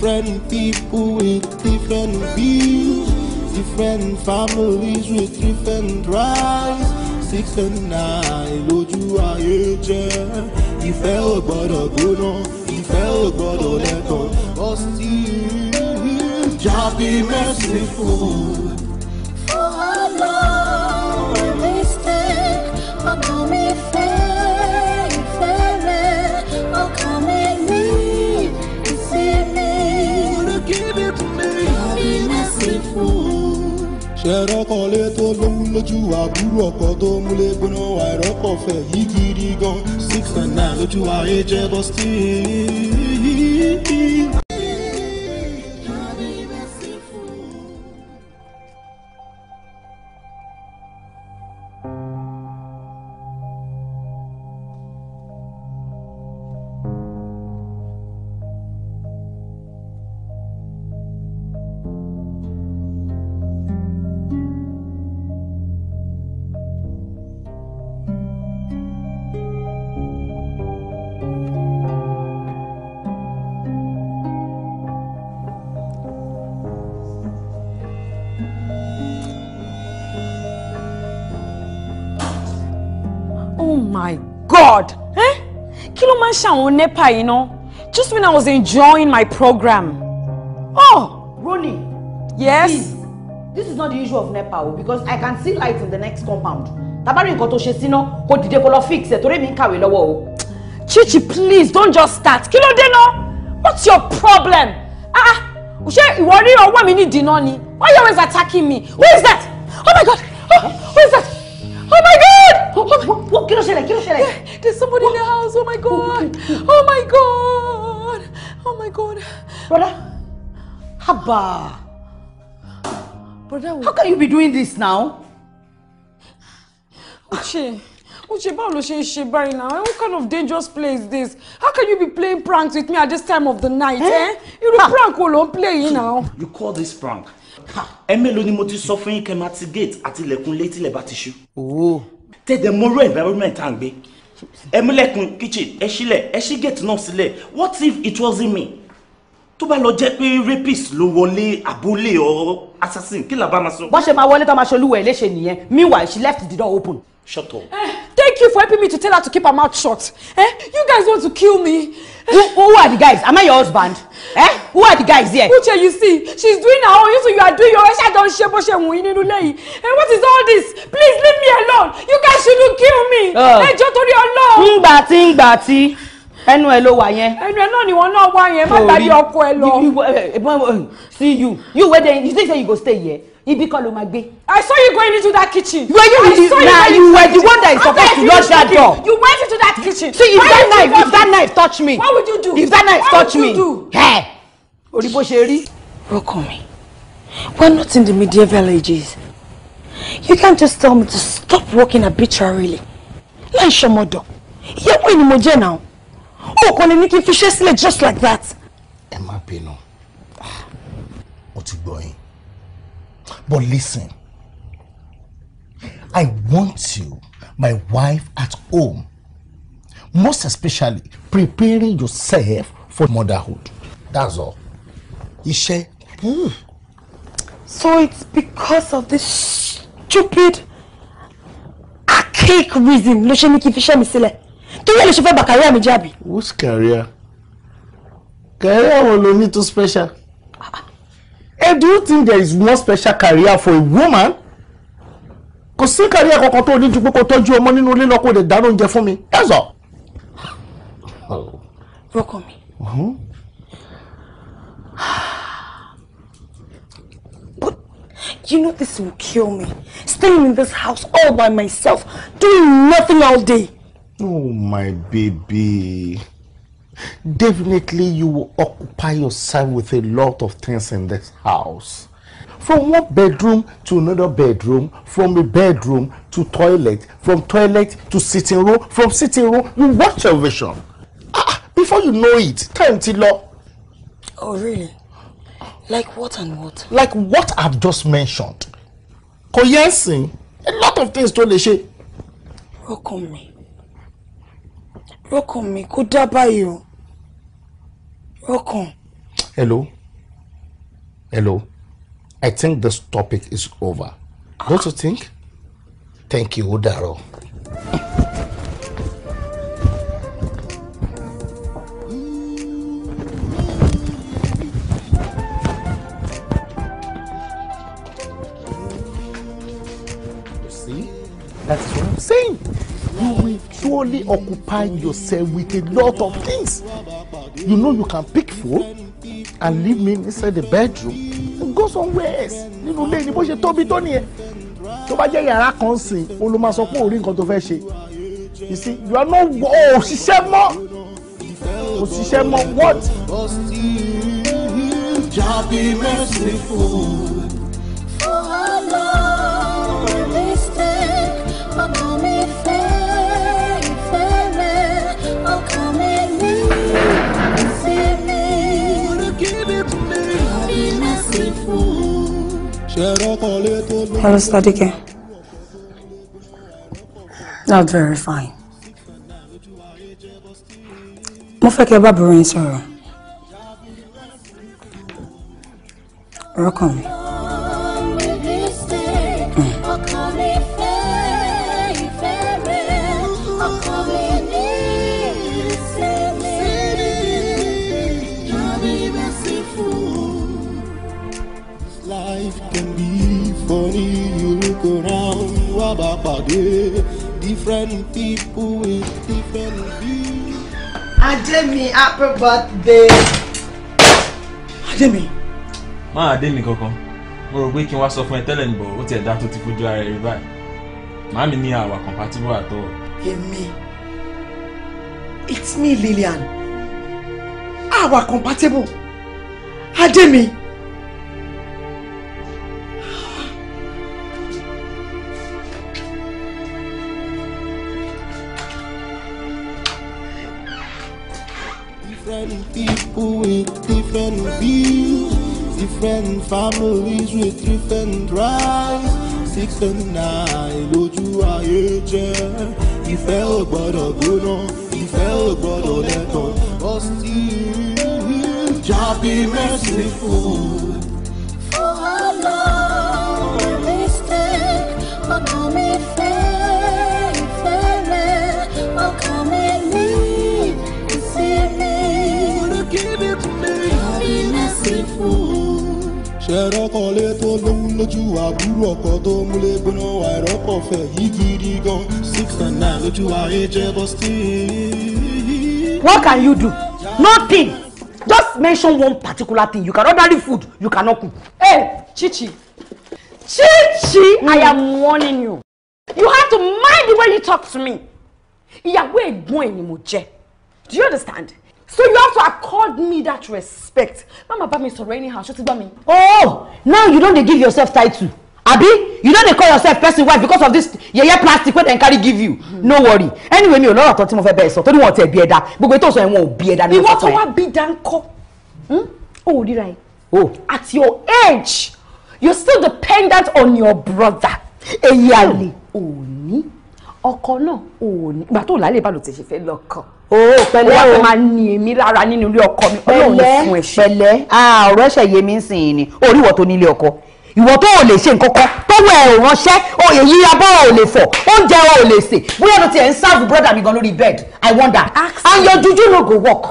Different people with different views, different families with different drives. Six and nine, lójú ayé jẹ́. Ìfẹ́ ò gbọ́dọ̀ gbóná, ìfẹ́ ò gbọ́dọ̀ lẹ́tọ̀ọ́. But still, just be merciful. tẹ̀rọ́kọ̀ lé tó lóhun lójú àbúrò ọkọ̀ tó múlé gbóná àìrọ́kọ̀ fẹ̀ yí gidi gan six and nine lójú ayé jẹ́ bọ́ ṣàwọn nepa yìí ná just when I was enjoying my program. Oh! Ronnie. Yes? Please, this is not the issue of Nepal oh, because I can see light in the next compound. Tabari nǹkan tó ṣe síná kò dìde kó lọ fix ẹ̀ torí mi ń oh. Chichi please don't just start. Kí ló dé ná? What's your problem? Ah! ah. Ṣé ìwọ rí ọwọ́ mi ní dìná ni? Why you always attacking me? Who is that? Oh my God! Oh, who is that? Oh my God! Kí ló ṣẹlẹ̀? Kí ló ṣẹlẹ̀? There's somebody in the oh, house. Oh my oh, God! Oh, oh my God! Oh my God! Brother, haba. Brother, how can you be doing this now? Uche, Uche, báwo ló ṣe ń ṣe báyìí now? What kind of dangerous play is this? How can you be playing pranks with me at this time of the night? Eh? eh? Irú prank wo ló ń play yìí now? You call this prank? ẹ mélòó ni mo ti sọ fún yín kẹ́ máa ti gate àti ilẹ̀kùn létí ilẹ̀ bá ti ṣú. tẹ̀dẹ̀ mọ́rọ́ environment tá à ń gbé ẹ múlẹ̀kùn kitchen ẹ sílẹ̀ ẹ ṣí gate náà sílẹ̀ what if it wasn't me tó bá lọ jẹ́ pé rapist ló wọlé abúlé or assassin kí làbá máa sọ. bọ́n ṣe máa wọlé tó máa ṣolúwẹ̀ẹ́ léṣe nìyẹn meanwhile she left the door open. Shut up. Eh, thank you for helping me to tell her to keep her mouth shut. Eh? You guys want to kill me. Eh. Who, who are the guys? Am I your husband? Eh? Who are the guys here? Uche, you see, she's doing her own. You see, you are doing your own. She don't share she And what is all this? Please leave me alone. You guys shouldn't kill me. Ẹ oh. eh, jọ̀ọ́ torí Ọlọ́run. Ngbà tí ngbà tí ẹnu ẹ ló wà yẹn. ẹnu ẹ náà ni wọn náà wà yẹn má gbàgbé ọkọ ẹ lọ. Eh, see you you wey there. you think say you go stay here ibi kan ló máa gbé. I saw you going into that kitchen. Were you I really na you, you were the one that is supposed to lock that door. You went into that kitchen. See if Why that knife if that knife touch me. What would you do? If that knife What touch me. Hey, orí bó ṣe rí. Rokomi, we're not in the medieval ages. You can't just tell me to stop working arbitrarily. Láì ṣọmọdọ̀, ìyàwó ẹni mo jẹ́ náà. O kò lè ní kí n fi ṣẹ́ sílẹ̀ just like that. Ẹ má bínú, ah, mo ti gbọ́ yín. But listen, I want you, my wife at home, most especially preparing yourself for motherhood. That's all. Iṣẹ́. Mm. So it's because of this stupid archaic reason ló ṣe ní kí n fi ṣẹ́ mi sílẹ̀. Torí ẹ̀ ló ṣe fẹ́ bà kàríà mi jẹ́ àbí. career? Career wo lo ní tó special? Hey, do you think there is no special career for a woman? Kò sí career kankan tó ní ju pé kó tọ́jú ọmọ nínú ilé lọ́kọ̀ lè dáná oúnjẹ fún mi. That's all. Rọ́kọ̀ mi. Hmm? But you know this will kill me. Staying in this house all by myself, doing nothing all day. Oh my baby definitely you will occupy yourself with a lot of things in this house. From one bedroom to another bedroom, from a bedroom to toilet, from toilet to sitting room, from sitting room, you watch television. Ah, before you know it, time ti lọ. Oh, really? Like what and what? Like what I've just mentioned. Kò a lot of things to lè Welcome me. Welcome me. mi kò dá báyìí ọkàn. hello hello i think this topic is over don't you think thank you You see, That's what I'm saying you will surely occupy yourself with a lot of things. You know you can pick food and leave me inside the bedroom and go somewhere else. Nínú ilé ni bó ṣe tóbi tó nìyẹn. Tó bá jẹ́ yàrá kan sìn, o ló máa sọ pé orí nǹkan tó fẹ́ ṣe. You see, you are not Oh, òṣìṣẹ́ mọ́. Òṣìṣẹ́ mọ́ what? Just be merciful. Hello, Sadike. Not very fine. Mo fẹ́ kí ẹ bá bùrọ̀ yín sọ̀rọ̀. Ọ̀rọ̀ bá pàdé different people with different views. Adémi happy birthday. Adémi. Má Adémi kankan, mo rò pé kí n wá sọ fún ẹ tẹ́lẹ̀ níbọ̀ ó tiẹ̀ dá tó ti fojú ara ẹ rí báyìí. Màámi ní àwa compatible àtọ̀. Èmi, it's me Lillian, àwa compatible, Adémi. people with different views, different families with different drives. Six and nine, lójú He jẹ́, ìfẹ́ ò gbọ́dọ̀ he ìfẹ́ ò gbọ́dọ̀ lẹ́tàn. But still, just be merciful. For a long, my mistake, but I'm ṣẹ̀rọ kan lé lójú àbúrò ọkọ̀ tó múlé gbóná àìrọ́pọ̀ fẹ̀ yìí gidi gan six and nine lójú ayé jẹ́ bọ́ sí. What can you do? Nothing. Just mention one particular thing. You can order food, you cannot cook. Hey, Chichi. Chichi, mm. I am warning you. You have to mind the way you talk to me. Ìyàwó ẹ̀gbọ́n ẹ̀ ni mo jẹ́. Do you understand? so you have to accord me that respect mama bá mi sọ̀rọ̀ anyhow Shut it gbá mi. oh now you don't dey give yourself title abi you don't dey call yourself person wife because of this yeye plastic what dem carry give you mm. no worry anyway mi ò lọ́rọ̀ tán tí mo fẹ́ bẹ́ẹ̀ sọ torí wọn ò tẹ̀ bí ẹ̀dá gbogbo ètò ìsọ̀rọ̀ be ò bí ẹ̀dá ní ọ̀sán. ìwọ tó wá bí dáńkọ́ hmm? o ò ríra ẹ oh. at your age you still dependent on your brother èyí àlè òní ọkọ náà òní gbàtò làálẹ̀ bá lò tẹ̀ ṣe fẹ́ lọ́kàn o pẹ̀lẹ́ o wọn máa ní èmi lára nínú ilé ọkọ mi Ọlọ́run ní fún ẹṣẹ pẹ̀lẹ́ ọ̀rọ̀ ẹṣẹ yé mi ń sìn ni orí ìwọ tó ní ilé ọkọ ìwọ tó ò lè ṣe nǹkan kan tọwọ ẹ ò ránṣẹ́ òye yí abọ́ ò lè fọ̀ oúnjẹ ò lè sè bóyá ló ti ń sáàbù brọ́dà mi gan lórí bed i wonder and your juju no go work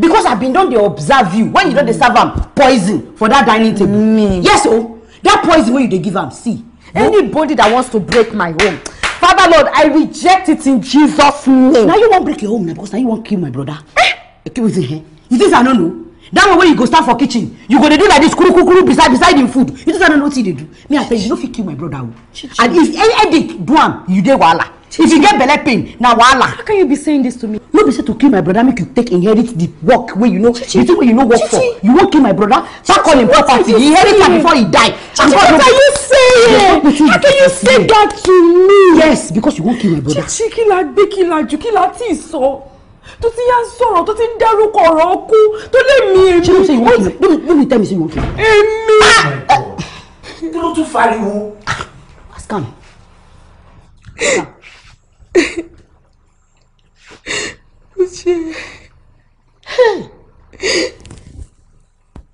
because i bin don dey observe you when you don dey serve am poison for that dining table mm. yes o that poison wey you dey give am see anybody that wants to break my home Father Lord, I reject it in Jesus' name. Now you won't break your home now because now you won't kill my brother. Eh? Okay, within here. You think I don't know? That one where you go start for kitchen, you go dey do like this kuru kuru beside beside him food. You think I don't know what they do? Me I tell you, you no fit kill my brother. Oh. And if any headache do am, you dey wahala if you get belle pain na wahala how can you be saying this to me You be said to kill my brother make you take inherit the work where you know Chichi. the thing where you know work Chichi. for you won't kill my brother back on him property he inherit am before he die Chichi, what are you saying how can you say that to me yes because you won't kill my brother Chichi kí la gbé kí la jù kí la tí ì sọ tó ti yá sọ̀rọ̀ tó ti ń dárúkọ ọ̀rọ̀ ọkú tó lè mi me. ṣé o say you wan kill me don't tell me say you wan kill me. èmi. Ah! Oh kí ló tún you. Ah! ask am. Hey!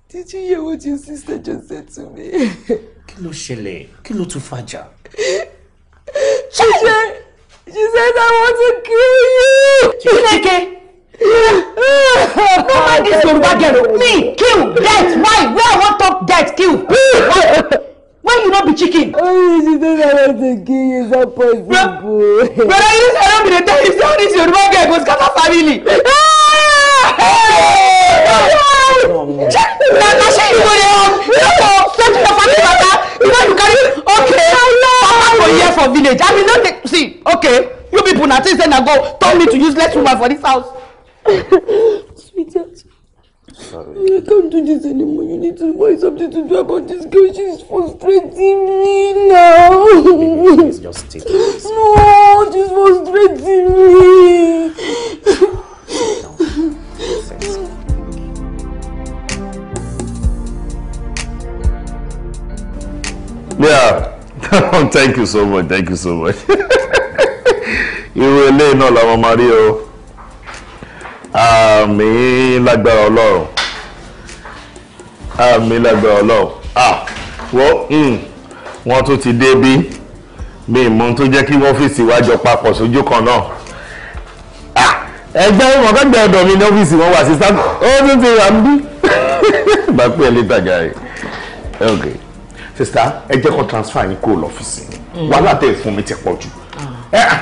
Did you hear what your sister just said to me? Kí ló ṣẹlẹ̀? Kí ló tún She said, she said I want to kill you. Chike. Nobody is Yoruba girl. Me kill death. Why? Where I want talk death kill. Why? when you no be chicken. oh you see say that one dey kill you so possible. brother you say i no be dey tell you say all this yoruba girl go scatter family. na na shey you go dey hug no go settle your family matter you no, you carry okay papa for here for village i mean no dey see okay you people na think say na go turn me to useless woman for this house. sweetheart Sorry. I can't do this anymore. You need to find something to do about this girl. She's frustrating me now. Baby, please just take it. No, she's frustrating me. Yeah. Oh, thank you so much. Thank you so much. Irú eléyìí náà làwọn máa rí o. Àmì lágbára Ọlọ́run àmì lẹ́gbẹ̀ẹ́ ọlọ́run wọ́n wọ́n tún ti dé bí mi ìmọ̀ tó jẹ́ kí ọ́fíìsì wa jọ papọ̀ sójú kan náà ẹgbẹ́ ìmọ̀kẹ́gbẹ́ ọ̀dọ̀ mi ní ọ́fíìsì wọn wà sí sáà ó tún ti rà ń bí bá pẹ́ lẹ́tà jàre ok sista ẹ jẹ́ kó transfer yín kúrò lọ́fíìsì mm. wàhálà tẹ̀ fún mi ti pọ̀ jù eh, ah,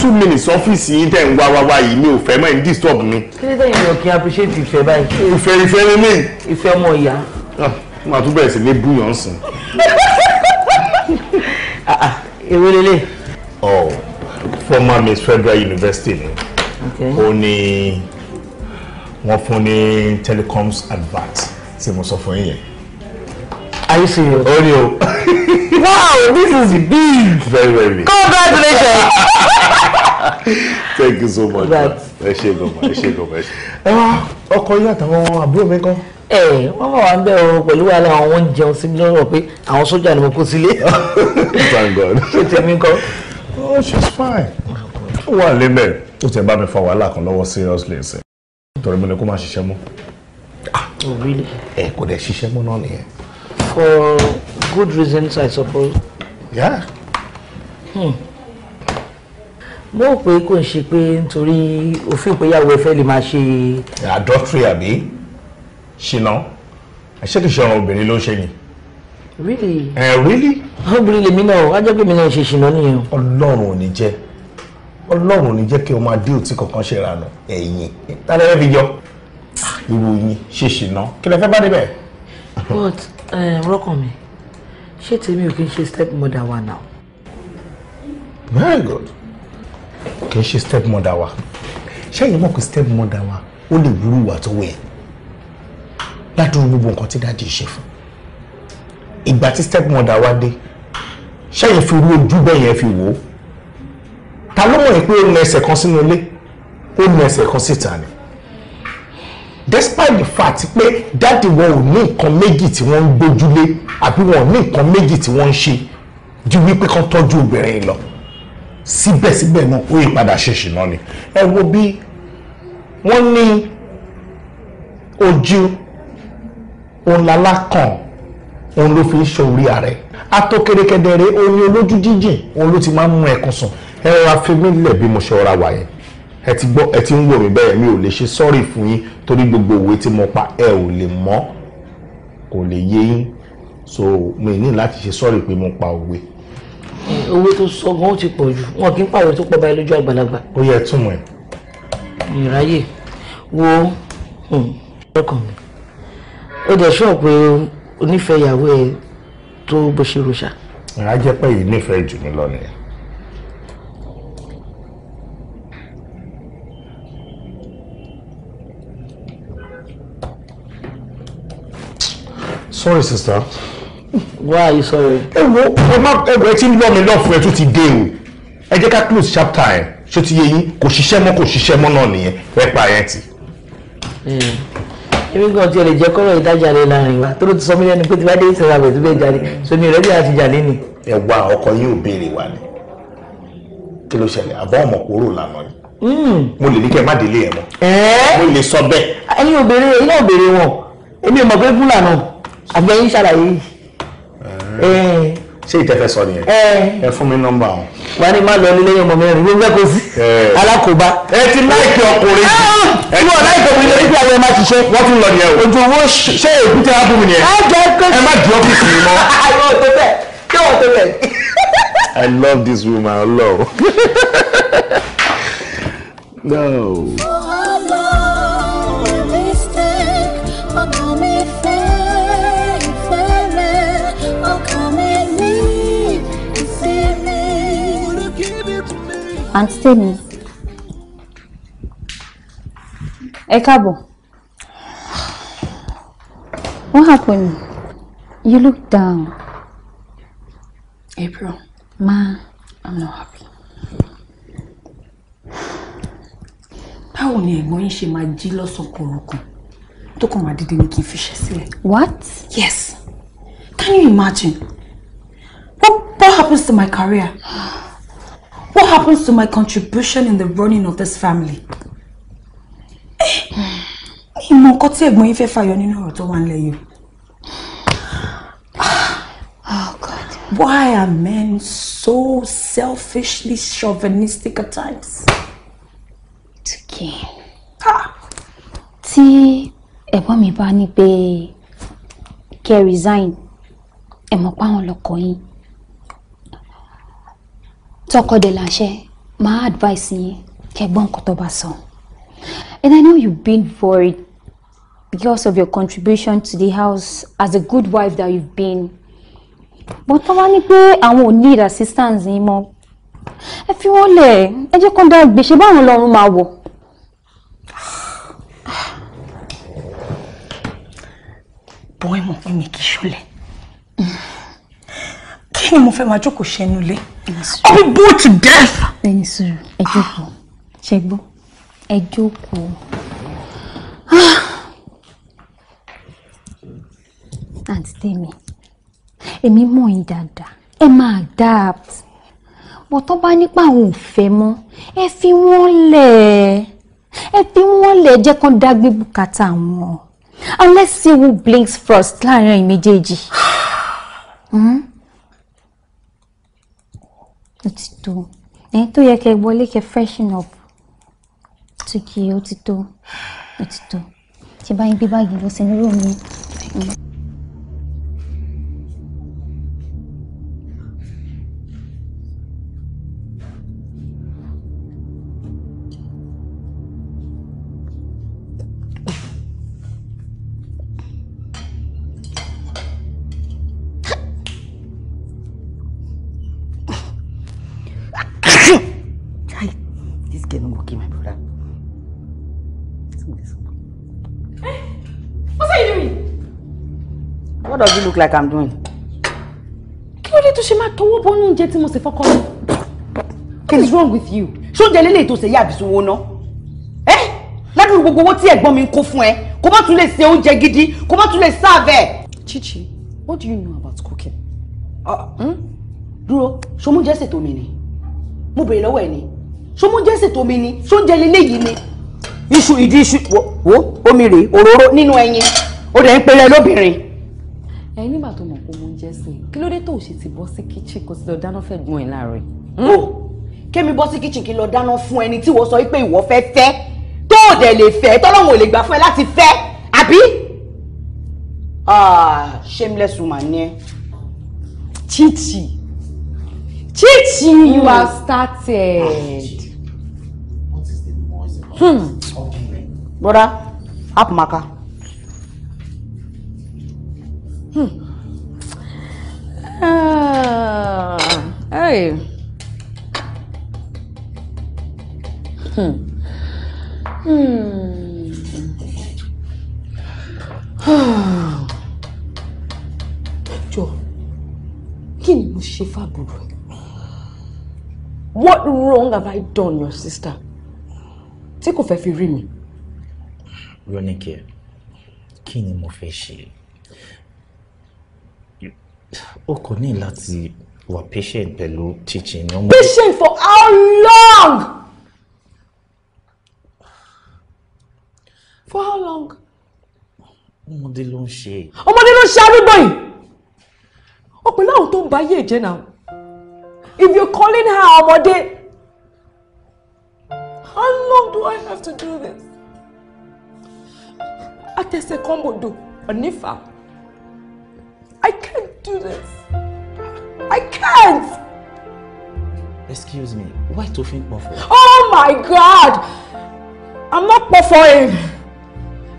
two minutes ọ́fíìsì yìí tẹ̀ ń wá wá wá yìí mi ò fẹ́ mọ́ ẹ̀ ń disturb mi. kí ló dé ìyọ̀ appreciate ìfẹ́ báyìí. ìfẹ́ ìfẹ́ mi. ìfẹ́ ọmọ ìyá Ah, máa tún bẹ̀rẹ̀ sí ní búyàn sùn. èwe lélẹ̀. ọ former Miss Federal University ni ó ní wọ́n fún ní telecoms advert tí mo sọ fún yín. Are you serious? ó ní o. wow this is big. very very big. congratulations. thank you so much. ẹ ṣe gan ma ẹ ṣe gan ma ẹ ṣe. ẹ wá ah. ọkọ yín àtàwọn àbúrò mi kan ẹ wọ́n bá wà ń bẹ̀ ọ pẹ̀lú wàhálà àwọn wọn jẹun sí mi lọ́rọ̀ pé àwọn sójà ni mo kó sílé. thank god. ṣé tèmi kọ́. oh she's fine. ó wà lébẹ̀ ó ti bá mi fa wàhálà kan lọ́wọ́ seriously ṣe torí mo ní kó má ṣiṣẹ́ mọ́. Oh, ẹ kò dẹ̀ ṣiṣẹ́ mọ́ náà nìyẹn. for good reasons i suppose. yeah. Hmm mo rò pé kò ń ṣe pé nítorí òfin ìpéyàwó ẹ fẹ́ lè máa ṣe. adultery àbí ṣìnà ṣé kìí ṣe ọ̀ràn obìnrin ló ń ṣe ni. really. Eh, really. obìnrin lèmi náà wá jẹ́ pé mi náà ṣe ṣìnà nìyẹn. ọlọ́run ò ní jẹ́ ọlọ́run ò ní jẹ́ kí o máa dé òtí kankan ṣe ìrànà ẹ̀yìn tálẹ́ fẹ́ fi jọ ah, irú yín ṣe ṣìnà kí lẹ fẹ́ bá débẹ̀. but eh, rọ́kàn mi ṣé tèmi ò kí n ṣe step mother wa now. very good kì í ṣe step mother wa ṣé ẹ̀yin mọ̀ pé step mother wa ó lè wúrú wà tó wẹ̀ ládùúrú gbogbo nǹkan tí dáàdi ṣe fún ìgbà tí stepmother wá dé ṣẹ́yìn fi rú ojú bẹ́ẹ̀ yẹn fi wò ó ta ló mọ̀ yín pé ó na ẹsẹ̀ kan sínú ilé ó na ẹsẹ̀ kan síta ni despite the fact pé dáàdi wọn ò ní nǹkan méjì tí wọ́n ń gbójúlé àbí wọn ò ní nǹkan méjì tí wọ́n ń ṣe ju wípé kán tọ́jú obìnrin lọ síbẹ̀síbẹ̀ náà ó yí padà ṣe ṣìnà ni ẹ wo bí wọ́n ní ojú òun lalákàn òun ló fi ń ṣòrí ààrẹ atọkẹrẹkẹdẹrẹ omi olójú jíjìn òun ló ti máa ń mú ẹkún sùn. ẹ rọra fi mí lẹ̀ bí mo ṣe ọra wà yẹn ẹ ti gbọ́ ẹ ti ń wò mí bẹ́ẹ̀ mi ò lè ṣe sọ́ọ̀rì fún yín torí gbogbo òwe tí mo pa ẹ ò lè mọ̀ kò lè yé yín so mi ní láti ṣe sọ́ọ̀rì pé mo pa òwe. owó tó sọ gan ó ti pọ̀ jù wọn kì í pààrọ̀ tó pọ̀ báyìí lójú àgbàlagbà. ó yẹ túmọ̀ ẹ̀. ìráyè wo hmm, ọkàn mi ó dẹ̀ ṣọ́ pé onífẹ̀ẹ́ ìyàwó ẹ tó bó ṣe ròṣà. a jẹ́ pé yìí nífẹ̀ẹ́ jù mí lọ nìyẹn. sorry sister. why are you sorry. ẹ wo ẹ má ẹ wọ ẹ ti ń lọ mi lọ́fù ẹ tún ti dé o ẹ jẹ́ ká close chapter yẹn ṣó ti yé yín kò ṣiṣẹ́ mọ́ kò ṣiṣẹ́ mọ́ náà nìyẹn ẹ pa ẹ ti. Hmm èmi gan ti ò lè jẹ́ kọ́rọ̀ ìtajà rẹ̀ láàrin wa tó ló ti sọ mí lẹ́nu pé tí bá dé ìtura rẹ̀ tó bẹ́ẹ̀ jáde so mi rẹ́dí àti jà lẹ́nì. ẹ wá ọkọ yín ò béèrè wa ni kí ló ṣẹlẹ̀ àbọ̀ ọmọ kúrò lànà ni hmm. mo lè ní kẹ́ ẹ má délé ẹ mọ́ mo lè sọ bẹ́ẹ̀. ẹ̀yin ò béèrè ẹ̀yin náà béèrè wọn èmi ò mọ̀ pé fúlànà àgbẹ̀yìn ṣàlàyé yìí ṣé ìtẹ́fẹ́ sọ nìyẹn ẹ fún mi nọ́mbà wọn. wà á ní má lọ nílé yẹn ọmọ mẹ́rin ló ń sí alákòóbá. ẹ ti láìpẹ ọkùnrin ẹ ti láìpẹ ọkùnrin lórí pé àwọn ẹ máa ṣiṣẹ́. wọ́n tún lọ nìyẹn o. ojú owó ṣé èkúté ábùm nìyẹn ẹ má di ọ́fíìsì mi mọ́. I love this woman, no. àǹtí tèmi ẹ káàbọ̀ what happened you look down. April. Ma. I'm not happy. How are you going to máa jí lọ́sàn kọ̀ọ̀kan tó kàn máa dìde ní kí n fiṣẹ́ what. yes can you imagine what, what happens to my career. What happens to my contribution in the running of this family? Ìmọ̀ eh, nǹkan tí ẹ̀gbọ́n yín fẹ́ fàyọ nínú ọ̀rọ̀ tó wà nílẹ̀ Oh God. Why are men so selfishly chauvinistic at times? Tukì. Tí ẹ̀gbọ́n mi bá ní pé kẹ́ resign, ẹ̀mọ̀ pa àwọn lọ́kọ yín tọkọdẹ làṣẹ my advice yín kẹgbọ́n nǹkan tó bá sọ and I know you've been worried because of your contribution to the house as a good wife that you've been but tó wá ní pé àwọn ò need assistance yín mọ́ ẹ fi wọ́n lẹ̀ ẹ jẹ́ kó dá gbèsè báwọn lọ́rùn máa wọ̀. bọ́ẹ̀mọ̀ pé mi kì í ṣọlẹ̀ kí ni mo fẹ́ máa jókòó ṣẹnu lé I'll be bored to death. ẹni sùúrù ẹ jókòó ṣe gbọ́ ẹ jókòó. Ah. àǹtí tèmi èmi mọ̀ yín dáadáa ẹ máa adapt bó tó bá nípa àwọn òfẹ́ mọ́ ẹ fi wọ́n lẹ̀ ẹ fi wọ́n lẹ̀ jẹ́ kán dá gbé bùkátà wọn and let's see who blinks first láàrin méjèèjì. Mm-hmm ó ti tó ẹ̀yin tó yẹ kẹ́ wọlé kẹ́ freshen up tó kí ó ti tó ó ti tó ṣe báyìí gbé báàgì lọ sínú rúùmù mi. does it look like I'm doing? kí ló dé tó ṣe máa tọwọ́ bọ́nú oúnjẹ tí mo ṣe fọ́kọ́ mi? what is wrong with you? ṣó jẹ lélẹ̀ tó ṣe yá àbísọ owó ná? ẹ eh? ládùúgbò gbogbo owó tí ẹ̀gbọ́n mi ń kó fún ẹ kó má tún lè ṣe oúnjẹ gidi kó má tún lè sáàbẹ̀. Chichi, what do you know about cooking? Ah, hmm? dúró ṣomúnjẹ ṣètò mi ni mo béèrè lọ́wọ́ ẹ ni ṣomúnjẹ ṣètò mi ni ṣóúnjẹ lélẹ́yìí ni iṣu ìdí iṣu wo omi rèé òróró nínú ẹyin ó dẹ̀ ń pèrè lóbìnrin ẹ nígbà tó mọ̀ pé mo ń jẹ́ sí i kí ló dé tó o ṣe ti bọ́ sí kíchìn kó ti lọ dáná fẹ́ gbọ́n ẹ̀ láàárọ̀ yìí. kémi bọ́ sí kíchìn kí n lọ dáná fún ẹni tí wọ́n sọ pé ìwọ fẹ́ fẹ́ tó o dẹ̀ lè fẹ́ tọ́lọ́hún ò lè gbà fún ẹ láti fẹ́ àbí. Ah, shameless woman ni ẹ. chichi chichi you mm. are started. Ah, hmm. brother hapmaka. Hmm. Ah. Hmm. Hey. jọ kí ni mo ṣe fàbùrù what wrong have I done your sister tí kò fẹ́ fi rí mi. Ronike kí ni mo fẹ́ ṣe o kò ní láti wà patient pẹ̀lú teaching. patient for how long? for how long? ọmọdé ló ń ṣe. ọmọdé ló ń ṣe arúgbó yìí ọ̀pẹ̀ láwọn tó ń ba ayé ìjẹ́ náà if you calling her ọmọdé how long do I have to do this? àtẹ̀sẹ̀ kan do ọ̀nífà. I can't do this. I can't. Excuse me, why to think Buffo? Oh my God! I'm not performing.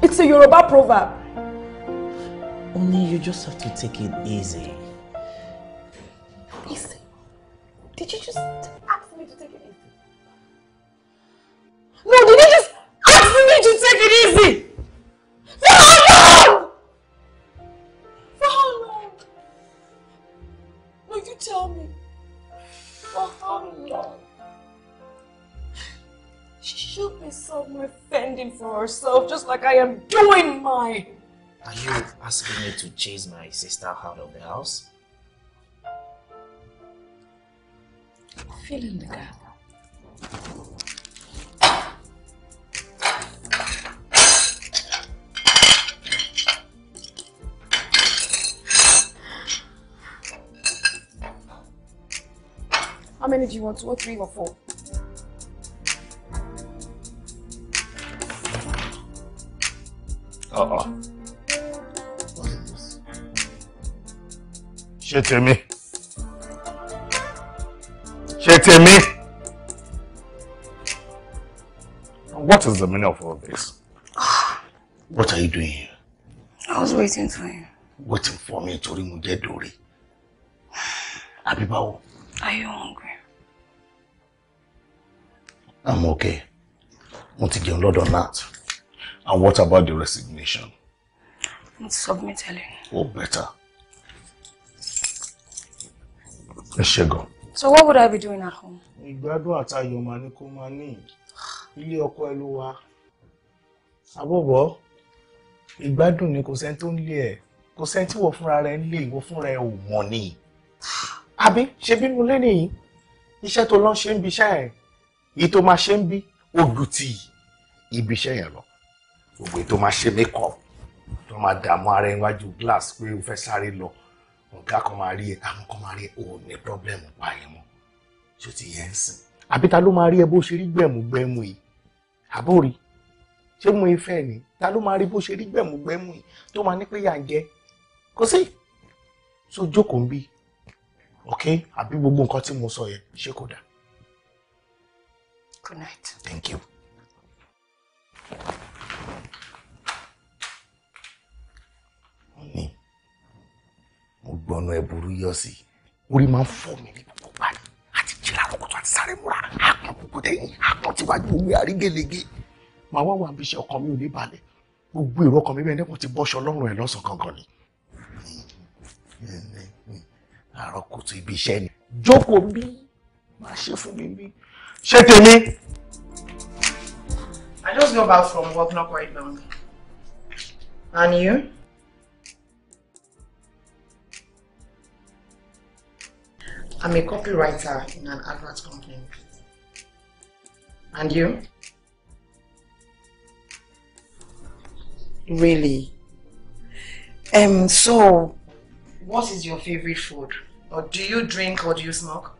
It's a Yoruba proverb. Only you just have to take it easy. Easy? Did you just ask me to take it easy? No, did you just ask me to take it easy? No, no! for herself, just like I am doing mine. Are you asking me to chase my sister out of the house? Fill in the gap. How many do you want? Two or three or four? Ọ̀ me! tèmi ṣe me! What is the meaning of all this? What are you doing here? I was waiting for you. Waiting for me to remove jẹ́ dory. Àbí báwo? Are you hungry? I'm okay. Mo ti jẹun lọ́dọ̀ Nat. And what about the resignation? It's submitted. Oh, better. Let's Ṣẹ́gun. So what would I be doing at home? Ìgbádùn àtayọ̀ máa ní kó máa ní ilé ọkọ ẹ ló wà. Àbọ̀bọ̀, ìgbádùn ni kò sẹ́ni tó ń lé ẹ̀. Kò sẹ́ni tí wọ́n fúnra rẹ̀ ń lé ìwọ fúnra ẹ̀ ò mọ̀ ni. Àbí ṣe bínú lẹ́nu yìí, iṣẹ́ tó lọ ṣe ń bi iṣẹ́ ẹ̀, ibi iṣẹ́ yẹn ògbé tó máa ṣe makeup tó máa dààmú ara ẹ wájú glass pé o fẹ́ sáré lọ ọ̀gá kan máa rí ẹ àwọn kan máa rí ẹ ò ní problem pa ẹ mọ́ ṣó ti yẹn ń sìn àbí ta ló máa rí ẹ bó ṣe rí gbẹ̀mùgbẹ̀mù yìí àbórí ṣé mo ìfẹ́ ni ta ló máa rí bó ṣe rí gbẹ̀mùgbẹ̀mù yìí tó máa ní pé yà ń jẹ kò sí so jókòó ń bí ok àbí gbogbo nǹkan tí mo sọ yẹn ṣé kò dáa. Good night. Thank you. mo gbọ́nú ẹ burú yọ̀ sí orí máa ń fọ́ mi ní gbogbo parí àti jìlá lọ́kọ̀tọ̀ àti sáré múra àpọ̀n gbogbo dẹ́yìn àpọ̀n tíwájú òwe àrígélege màá wá wà bíṣẹ́ ọkàn mi ò ní balẹ̀ gbogbo èrò ọkàn mi bẹ́ẹ̀ nẹ́kùn ti bọ́ṣọ lọ́rùn ẹ̀ lọ́sàn gangan ni. àárọ̀ kùtù ibi iṣẹ́ ni jókòó bí máa ṣe fún mi bí ṣé tèmi. I just got back from work not quite long. And you? I'm a copywriter in an advert company. And you? Really? Um, so, what is your favorite food? Or do you drink or do you smoke?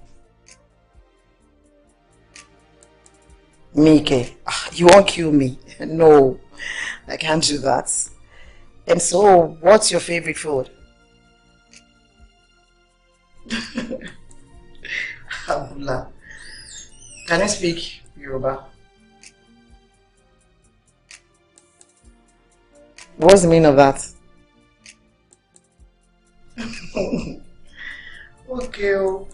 Mike, eh? ah, you won't kill me. No, I can't do that. And so, what's your favorite food? Abula. Can I speak Yoruba? What's the meaning of that? okay, oh.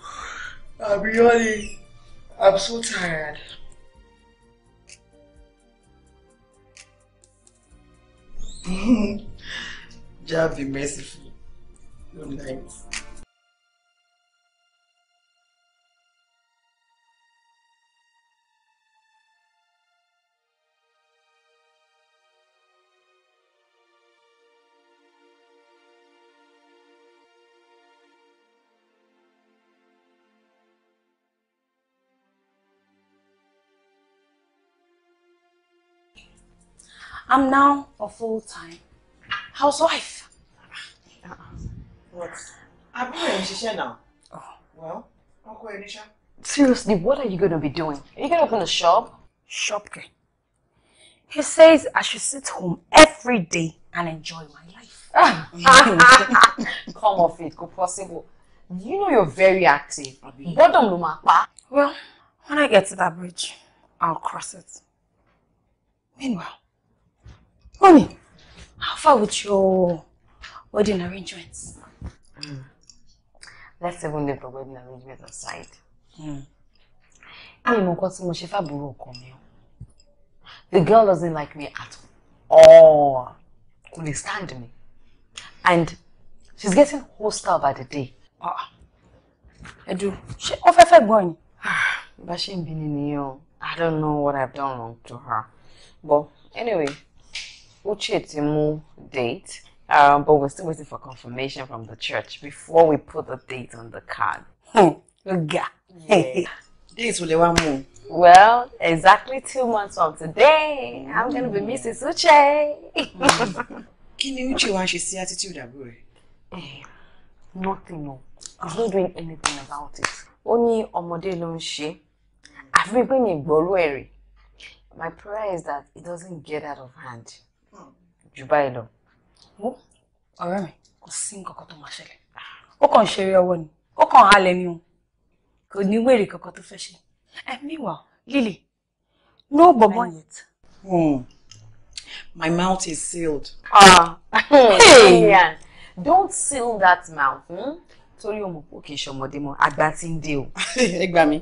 I'm really, I'm so tired. Just be merciful. Good night. I'm now a full-time housewife. What? I'm in now. Oh. Well, Uncle Seriously, what are you going to be doing? Are you going to open a shop? Shop? He says I should sit home every day and enjoy my life. Come off it, go possible. You know you're very active. Well, when I get to that bridge, I'll cross it. Meanwhile, Mommy, how far with your wedding arrangements? Mm. Let's even leave the wedding arrangements aside. I'm not mean, nǹkan tí mo ṣe fábùrú ọkọ The girl doesn't like me at all. Kò lè stand me. And she's getting hostile by the day. Ah. Edu, I do. She, fẹ́ gbọ́n ni? Ah, bá ṣe ń bí ni nìyẹn I don't know what I've done wrong to her. But anyway. Uche Timu date, um, but we're still waiting for confirmation from the church before we put the date on the card. Hmm. yeah. Date will one Well, exactly two months from today, I'm mm. going to be Mrs. Uche. Kí ni Uche wá ṣe sí attitude àbúrò ẹ̀? Eh, nothing, no. He's not doing anything about it. Ó ní ọmọdé ló ń ṣe. Àfi My prayer is that it doesn't get out of hand jù báyìí lọ. ọ̀rẹ́ mi kò sí nǹkan kan tó máa ṣẹlẹ̀ ó kàn ń ṣeré ọwọ́ ni ó kàn halẹ̀ ni o kò ní wèrè kankan tó fẹ́ ṣe ẹ miwa Lily no bobo yet. Hmm. My mouth is sealed. Ah, hey. Don't seal that mouth. Hmm? Torí o mọ̀ pé kì í ṣọmọdé mọ́, àgbà ti ń dé o. Ẹ gbà mí,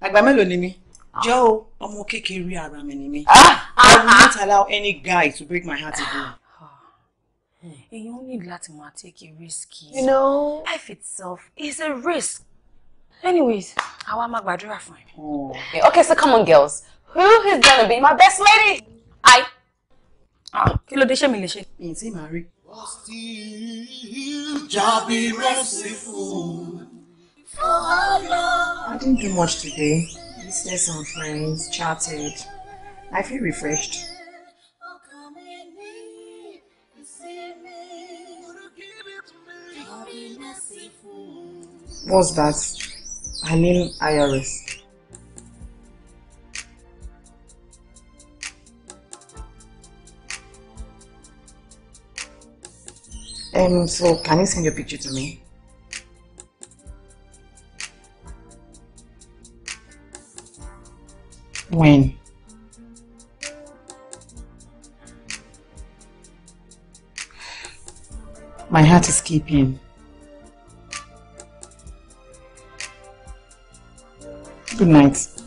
àgbà mélòó ni mí? Ah. Jọ́ o, ọmọ kékeré ara mi ni mí. Ah! will not allow any guy to break my heart again. You only láti máa take a risk. You know. Life itself is a risk. Anyways, I want my fún ẹ. Oh. Okay, so come on girls. Who is gonna be my best lady? I. Ah, kilo dé ṣé mi lè ṣe? Mi I didn't do much today. Business some friends chatted. I feel refreshed. What's that? I mean, IRS. Um, so can you send your picture to me? When? My heart is keeping. Good night.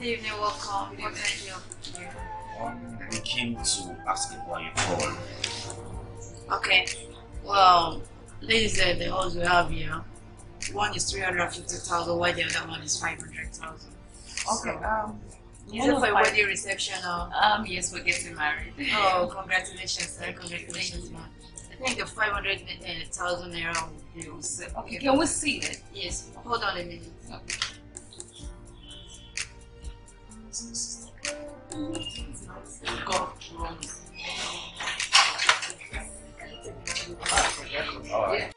Good evening, welcome. What can I do? Um, we came to ask about your call. Okay. Well, these are the odds we have here. One is 350,000, while the other one is 500,000. Okay. So, um, is it for a wedding reception or? Um, yes, we're getting married. Oh, congratulations, sir. Congratulations, man. I think the 500,000 naira will be. Okay, can we see it? Yes, hold on a minute. Okay. Oh Yeah.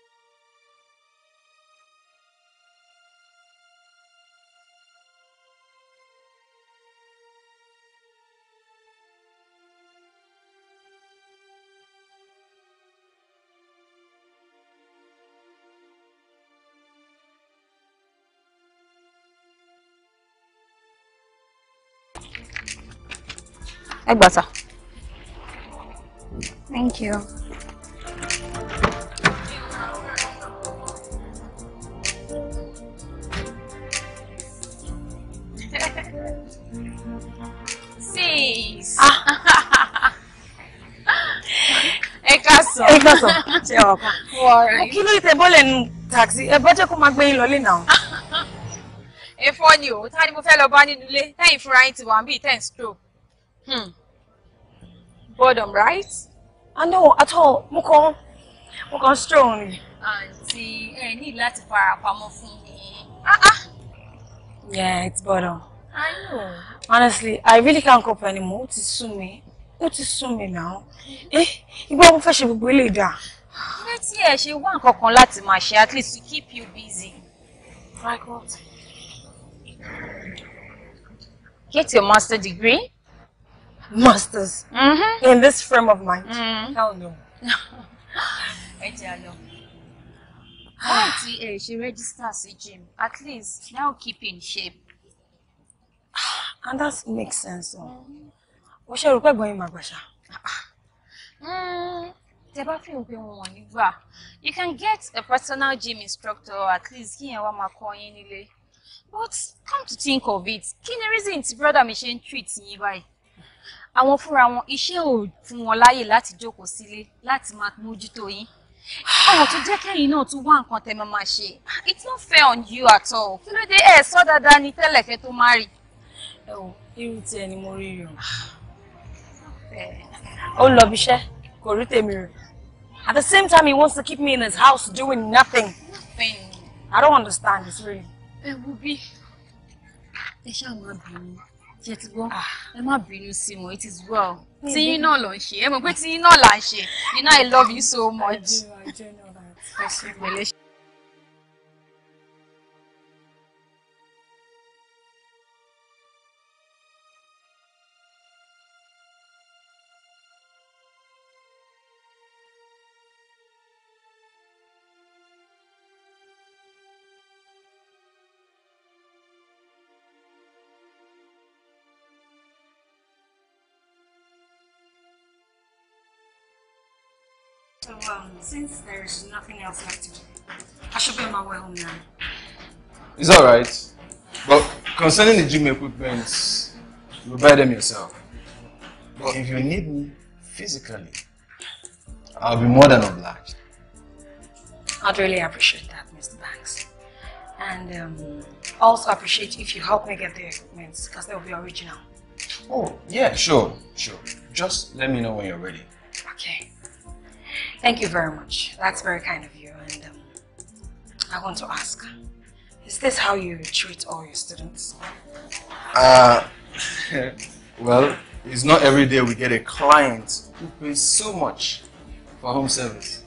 ẹ thank you. sis. Ah. ẹ káàsán. ẹ káàsán ṣe wà pa. kí ló tẹ bọ́lẹ̀ nu taxi ẹ bọ́jẹ́ kó máa gbé yín lọlé náà. èèfọ́ ni o ta ni mo fẹ́ lọ bá nínú ilé tẹ́yìn fúnra yín ti wà ń bí ten stroke. Hmm boredom, right? I ah, know at all. Mo kàn, mo kàn strong. Auntie, ẹ ní láti para pamọ́ fún mi. Ah ah. Yeah, it's boredom. I know. Honestly, I really can't cope anymore. Ó ti sú mi. Ó ti now. Eh, ìgbà mo fẹ́ ṣe gbogbo eléyìí dà. Ilé tí ẹ ṣe wá nǹkan kan láti at least to keep you busy. Like what? Get your master degree masters mm -hmm. in this frame of mind. Mm. Hell no. Auntie, eh, she registers a gym. At least now keep in shape. And that makes sense. Oh. Ó shall rò pé ẹ̀gbọ́n yín máa gbàṣà. Mm, Tẹ́ bá fi òpin wọn you can get a personal gym instructor at least kí yẹn wá máa kọ́ yín nílé. But come to think of it, can ni reason tí brother machine treats ń treat àwọn fúnra wọn iṣẹ́ ò fún wọn láyè láti jókòó sílé láti máa mójútó yín ọ̀rọ̀ tó jẹ́ kẹ́yìn náà tún wá nǹkan tẹ́ máa ṣe it's not fair on you at all kí ló dé ẹ̀ sọ dáadáa ní tẹ́lẹ̀ kẹ́ tó má rí. ẹ ò irú tí ẹni mo rí yàn. Ah, ó ń lọ bí iṣẹ́ kò rí tèmi rẹ̀ at the same time he wants to keep me in his house doing nothing. nothing. I don't understand this really. ẹ wo bí ẹ ṣáà máa bìnrin ṣe ti gbọ́ ẹ má bínú sí wọn it is well tíyín náà ló ń ṣe ẹ mọ̀ pé tíyín náà là ń ṣe you know I love you so much. Since there is nothing else left to do, I should be on my way home now. It's alright. But concerning the gym equipment, you buy them yourself. But if you need me physically, I'll be more than obliged. I'd really appreciate that, Mr. Banks. And um, also appreciate if you help me get the equipment because they'll be original. Oh, yeah, sure, sure. Just let me know when you're ready. Okay. Thank you very much. That's very kind of you. And um, I want to ask, is this how you treat all your students? Uh, well, it's not every day we get a client who pays so much for home service.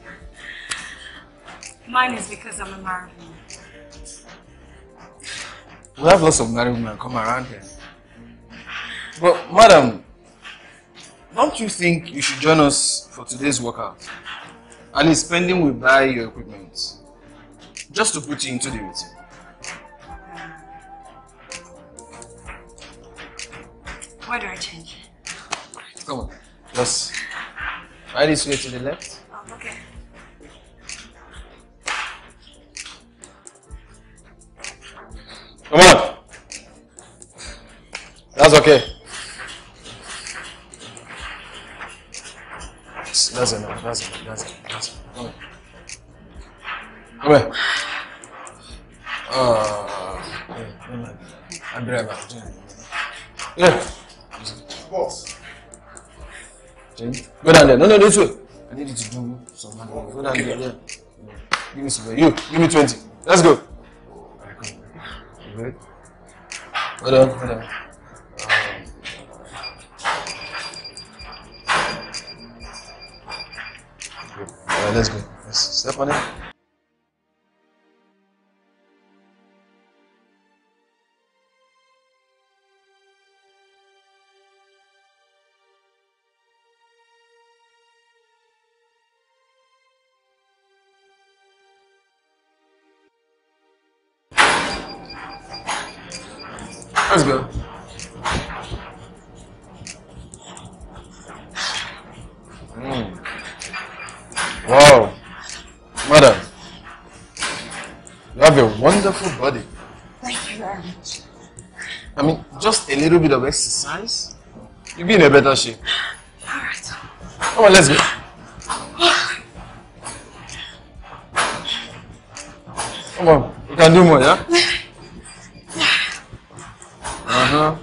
Mine is because I'm a married woman. We have lots of married women come around here. But, madam, don't you think you should join us for today's workout? And his spending will buy your equipment. Just to put you into the meeting. Where do I change? Come on, just right this way to the left. Oh, okay. Come on. That's okay. That's, enough. That's enough. That's enough. That's enough. Come here. Come here. Ah, uh, yeah, I'm driver. Yeah. Boss. Jimmy, go down there. No, no, this way. I need you to do some. money. Go down there. Yeah. Give me some. You, give me twenty. Let's go. Come on. Hold on, hold on. Alright, let's go. Let's step on it. little bit of exercise, you'll be in a better shape. All right. Come on, let's go. Come on, you can do more, yeah? Uh-huh.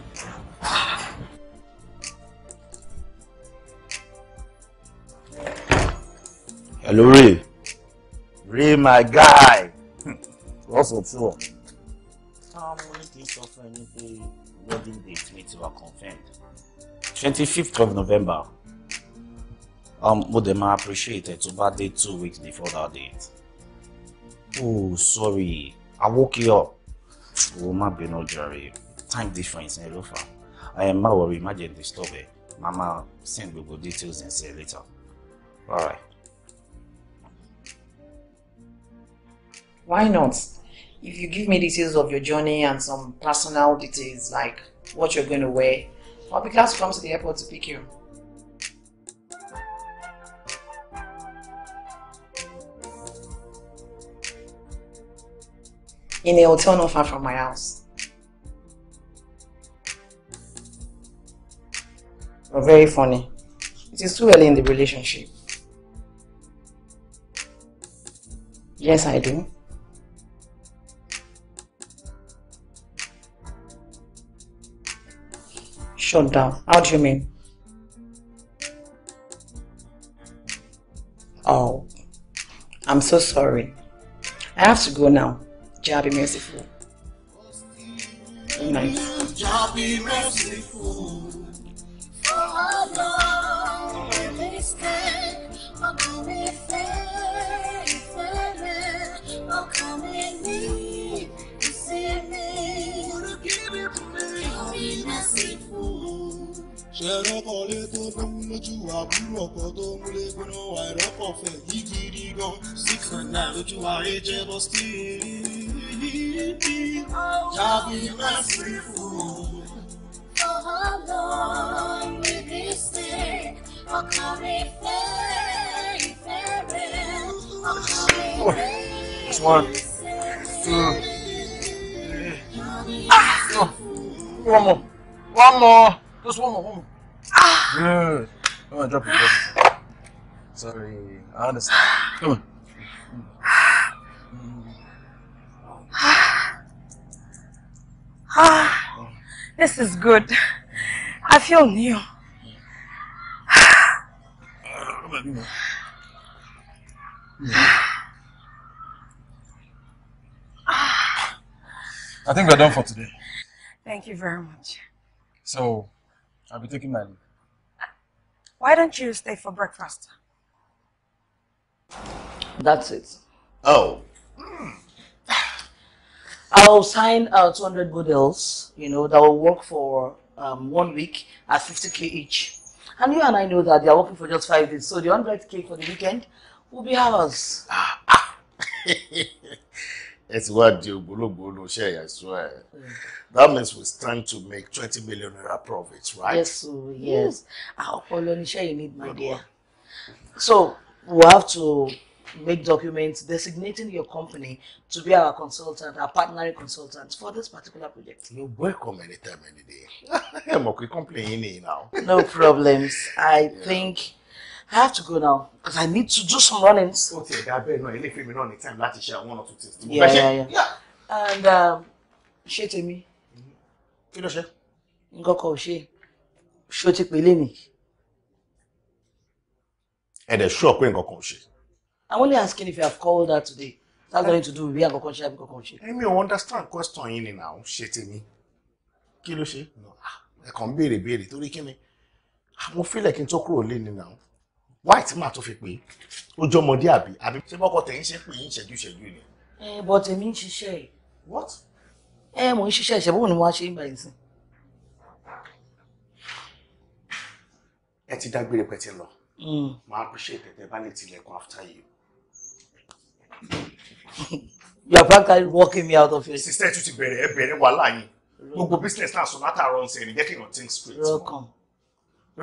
Hello, Ray. Ray, my guy. What's up, sure? Tom, what do you suffer anything? wedding date mi ti confirmed twenty fifth of november um, mo dẹ̀ appreciate ẹ̀ tó day two weeks before that date oh sorry i woke you up o oh, má bínú jàre time difference yẹn ló fà á má worry má jẹ́ story. Mama, send me send details and say later All right. why not. if you give me details of your journey and some personal details like what you're going to wear, I'll be glad to come to the airport to pick you. In a hotel not far from my house. You're very funny. It is too early in the relationship. Yes, I do. shut down. How do you mean? Oh, I'm so sorry. I have to go now. Jah be merciful. ṣẹ̀rọ́kọ̀ lé tó dún lójú àbúrò ọkọ̀ tó múlé gbóná àìrọ́kọ̀ fẹ̀ yìí gidi gan six and nine lójú ààrẹ jẹ́ bọ́ sí i. Jabi merciful. For how long will this stay? Ọkàrẹ̀ fẹ́ ìfẹ́ rẹ̀. Ọkàrẹ̀ fẹ́ ìfẹ́ rẹ̀. One more. One more. Just one more, one more. Ah. Good. Come on, drop your voice. Sorry, I understand. Come on. Mm. Ah, this is good. I feel new. Come ah! I think we're done for today. Thank you very much. So, I'll be taking my leave. Why don't you stay for breakfast? That's it. Oh. Hmm. I'll sign uh, 200 models, you know, that will work for um, one week at 50k each. And you and I know that they are working for just five days, so the 100k for the weekend will be ours. Ah, ah. it's what you, Bolo Bolo, share, I swear. Mm that means we stand to make 20 million naira profits, right? Yes, so yes. Apolonisha, ah, you need, my Good dear. One. So, we have to make documents designating your company to be our consultant, our partnering consultant for this particular project. You're welcome anytime, any day. I'm okay complaining now. No problems. I yeah. think I have to go now because I need to do some runnings. Okay, I bet no, you leave me on the time. That is, share one or two things. yeah, yeah. yeah. And, um, ṣé me kí ló ṣe. nǹkan kan ò ṣe ṣó ti pè lé nìyí. ẹ dẹ̀ ṣọ́ pé ò ṣe. I'm only asking if you have called her today. That's nothing to do with bí àkọ́kọ́ ṣe àbí kọ̀ọ̀kan ṣe. Èmi ò understand question yín ni now ṣe tèmi. Kí ló ṣe? Ah, Ẹ̀kan béèrè béèrè torí kí ni? Ah, mo fílẹ̀ kí n tó kúrò lé ni now. White tí màá tó fi pè é? Ó jọ ọmọdé àbí? Àbí ṣé bọ́kọ tẹ̀yìn ṣe pè é ṣẹ́jú ṣẹ́jú ni? Ẹ eh, bọ̀ tèmi ń ṣiṣẹ́. What? ẹ mò ń ṣiṣẹ́ ìṣẹ́ bóun ni mo wá ṣe ń báyìí sìn. ẹ ti dágbére pẹ́ ti lọ máa hmm. appreciate tẹ̀tẹ̀ bá lè tilẹ̀kùn after you. you are practically walking me out of your. sister tún ti bẹ̀rẹ̀ ẹ bẹ̀rẹ̀ wàhálà yín gbogbo business náà sọ látàárọ̀ ọ̀sẹ̀ ẹni jẹ́ kí n think straight. rọkàn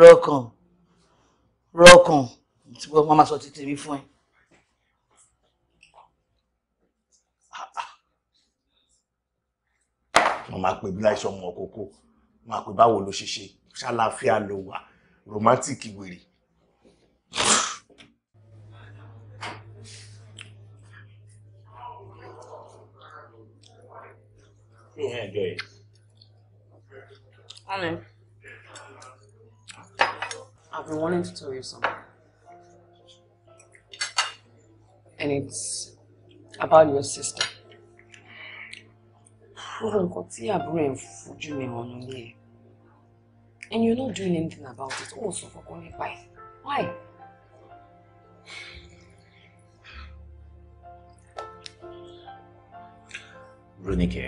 rọkàn rọkàn tí wọ́n máa sọ ti tèmi fún ẹ. máa pè bí láìsọ ọmọ òkókó máa pè báwo ló ṣe ṣàlàáfíà ló wà romantic wèrè. Alan, I've been wanting to tell you something. And it's about your sister gbogbo nǹkan tí àbúrò ẹ̀ ń fojú mi mọ̀ and you're not doing anything about it Also, for fọkàn nípa why. Runike,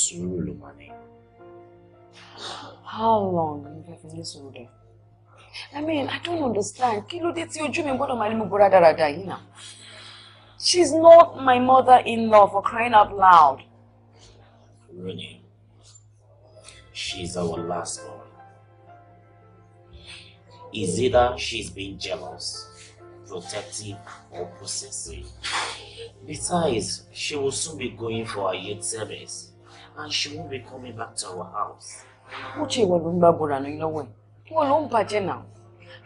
sùúrù ló máa ní. How long have you been this sùúrù I mean, I don't understand. Kilo, ló dé tí ojú mi gbọ́dọ̀ máa ní mo bọ́ra dáradára She's not my mother-in-law for crying out loud. Rooney, she's our last one. Is either she's being jealous, protective, or possessive. Besides, she will soon be going for her youth service, and she won't be coming back to our house. Uche wọ ló ń gbá bọ̀rà ní lọ́wọ́ ẹ̀. Wọ́n ló ń bàjẹ́ náà.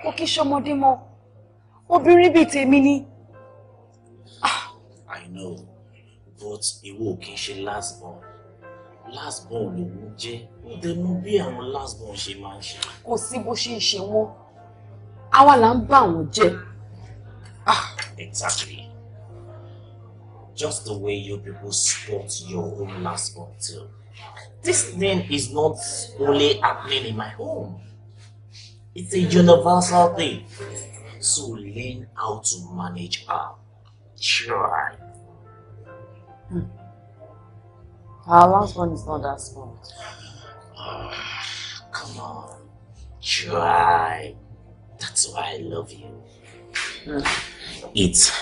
Kò kí ṣọmọdé mọ́. Obìnrin bíi tèmi no but ìwọ kì í ṣe last born last born lòun jẹ́ ó dẹ̀ mú bí àwọn last born ṣe máa ń ṣe. kò sí bó ṣe ń ṣe wọn àwa là ń bá wọn jẹ. Ah, exactly just the way you people sport your own last born too. This thing is not only happening in my home. It's a universal thing. So learn how to manage her. Try. Hmm. Our last one is not that small. Oh, come on. Try. That's why I love you. Hmm. Eat.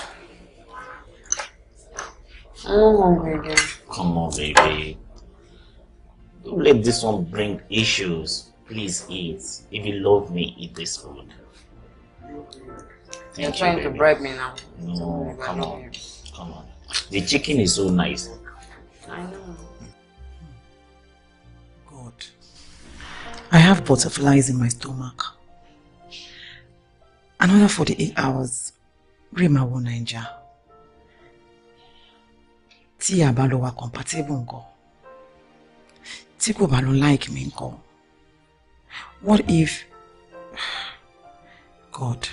I'm hungry again. Come on, baby. Don't let this one bring issues. Please eat. If you love me, eat this food. Thank You're you, trying baby. to bribe me now. No, come on. Come on. The chicken is so nice. I know. God. I have butterflies in my stomach. Another 48 hours. Rima wo Naija. Tia a compatible ńkọ́. Tí like me? What if God.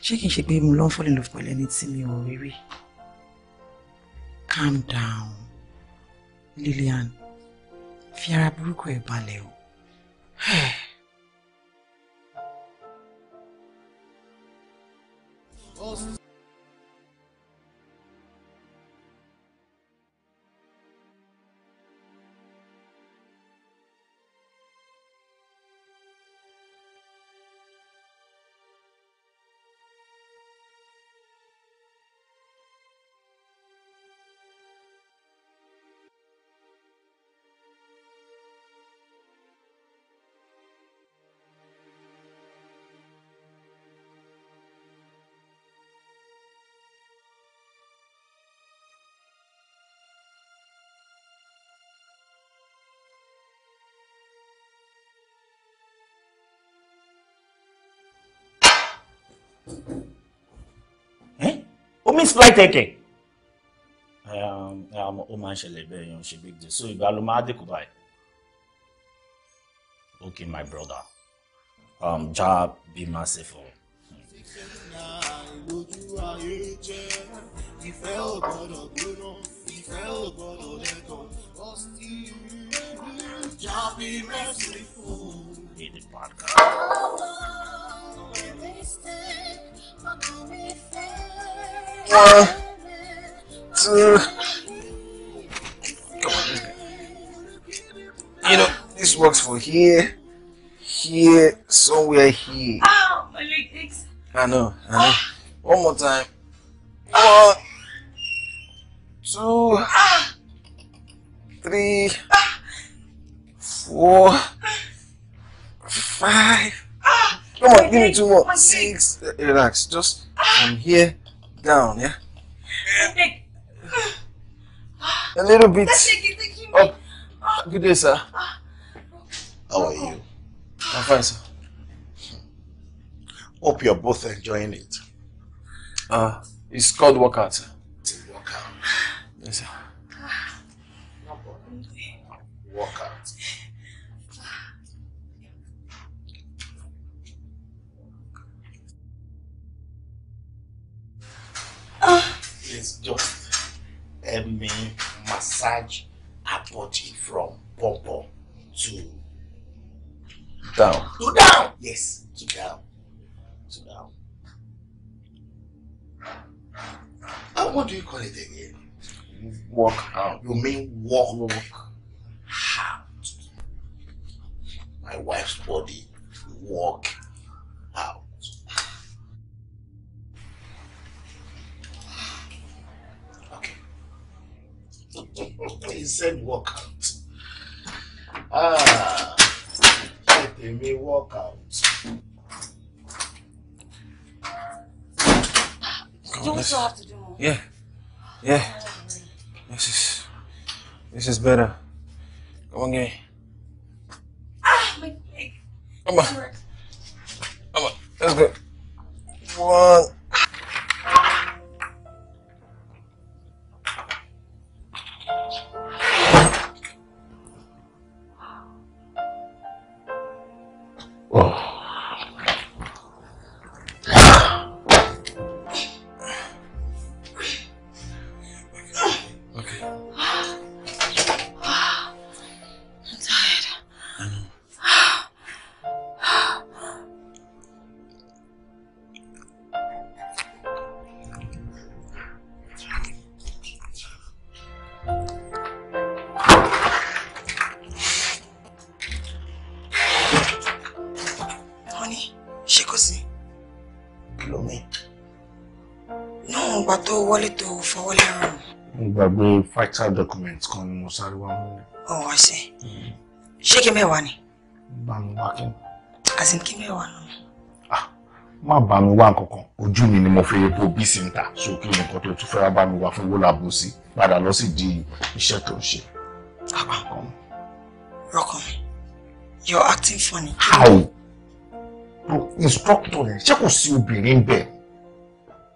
Chicken should be pé long-falling in love pẹ̀lú ẹni tí mi ò rí calm down Lillian fi ara burúkú ẹ̀ balẹ̀ o. Hey. miss flight ẹ̀kẹ́. ó máa ń ṣẹlẹ̀ bẹ́ẹ̀ yẹn ṣe big deal so ìgbà ló máa dínkù báyìí. okay my brother um, ja be merciful. ìfẹ́ ò gbóná ìfẹ́ ò gbọ́dọ̀ ọ̀sìn ìrìn ìrìn ja be merciful. in One, two. Come on. You know, this works for here, here, somewhere here. Ow, my leg aches. I know, I know. One more time. One, two, three, four, five. Come on, give me two more. Six. Relax. Just from um, here down, yeah? A little bit. Up. Good day, sir. Ah. How are you? I'm fine, sir. Hope you're both enjoying it. Uh, it's called workout, sir. It's a workout. Yes, sir. is just me massage her body from bumper to down. To down. Yes, to down. To down. And what do you call it again? Walk out. You mean walk, walk. out. My wife's body walk said walk out. Ah, ṣe tèmi walk out. God, Do we still have to do more? Yeah. Yeah. This is this is better. Come on, give Ah, my leg. Come on. Come on. Let's go. One. type documents kan ni mo sáré wá mú oh i see ṣé kí mẹ́wàá ni. bá mi wá kí as in kí mẹ́wàá nù. ah má bá mi wá nǹkan kan ojú mi ni mo fi epo bí sí ń ta so kí ni nǹkan tó tún fẹ́ bá mi wá fún wó làbò sí padà lọ sí di iṣẹ́ tó ń ṣe. rọkàn mi you're acting funny. how bro instructor yẹn ṣé kò sí obìnrin bẹ́ẹ̀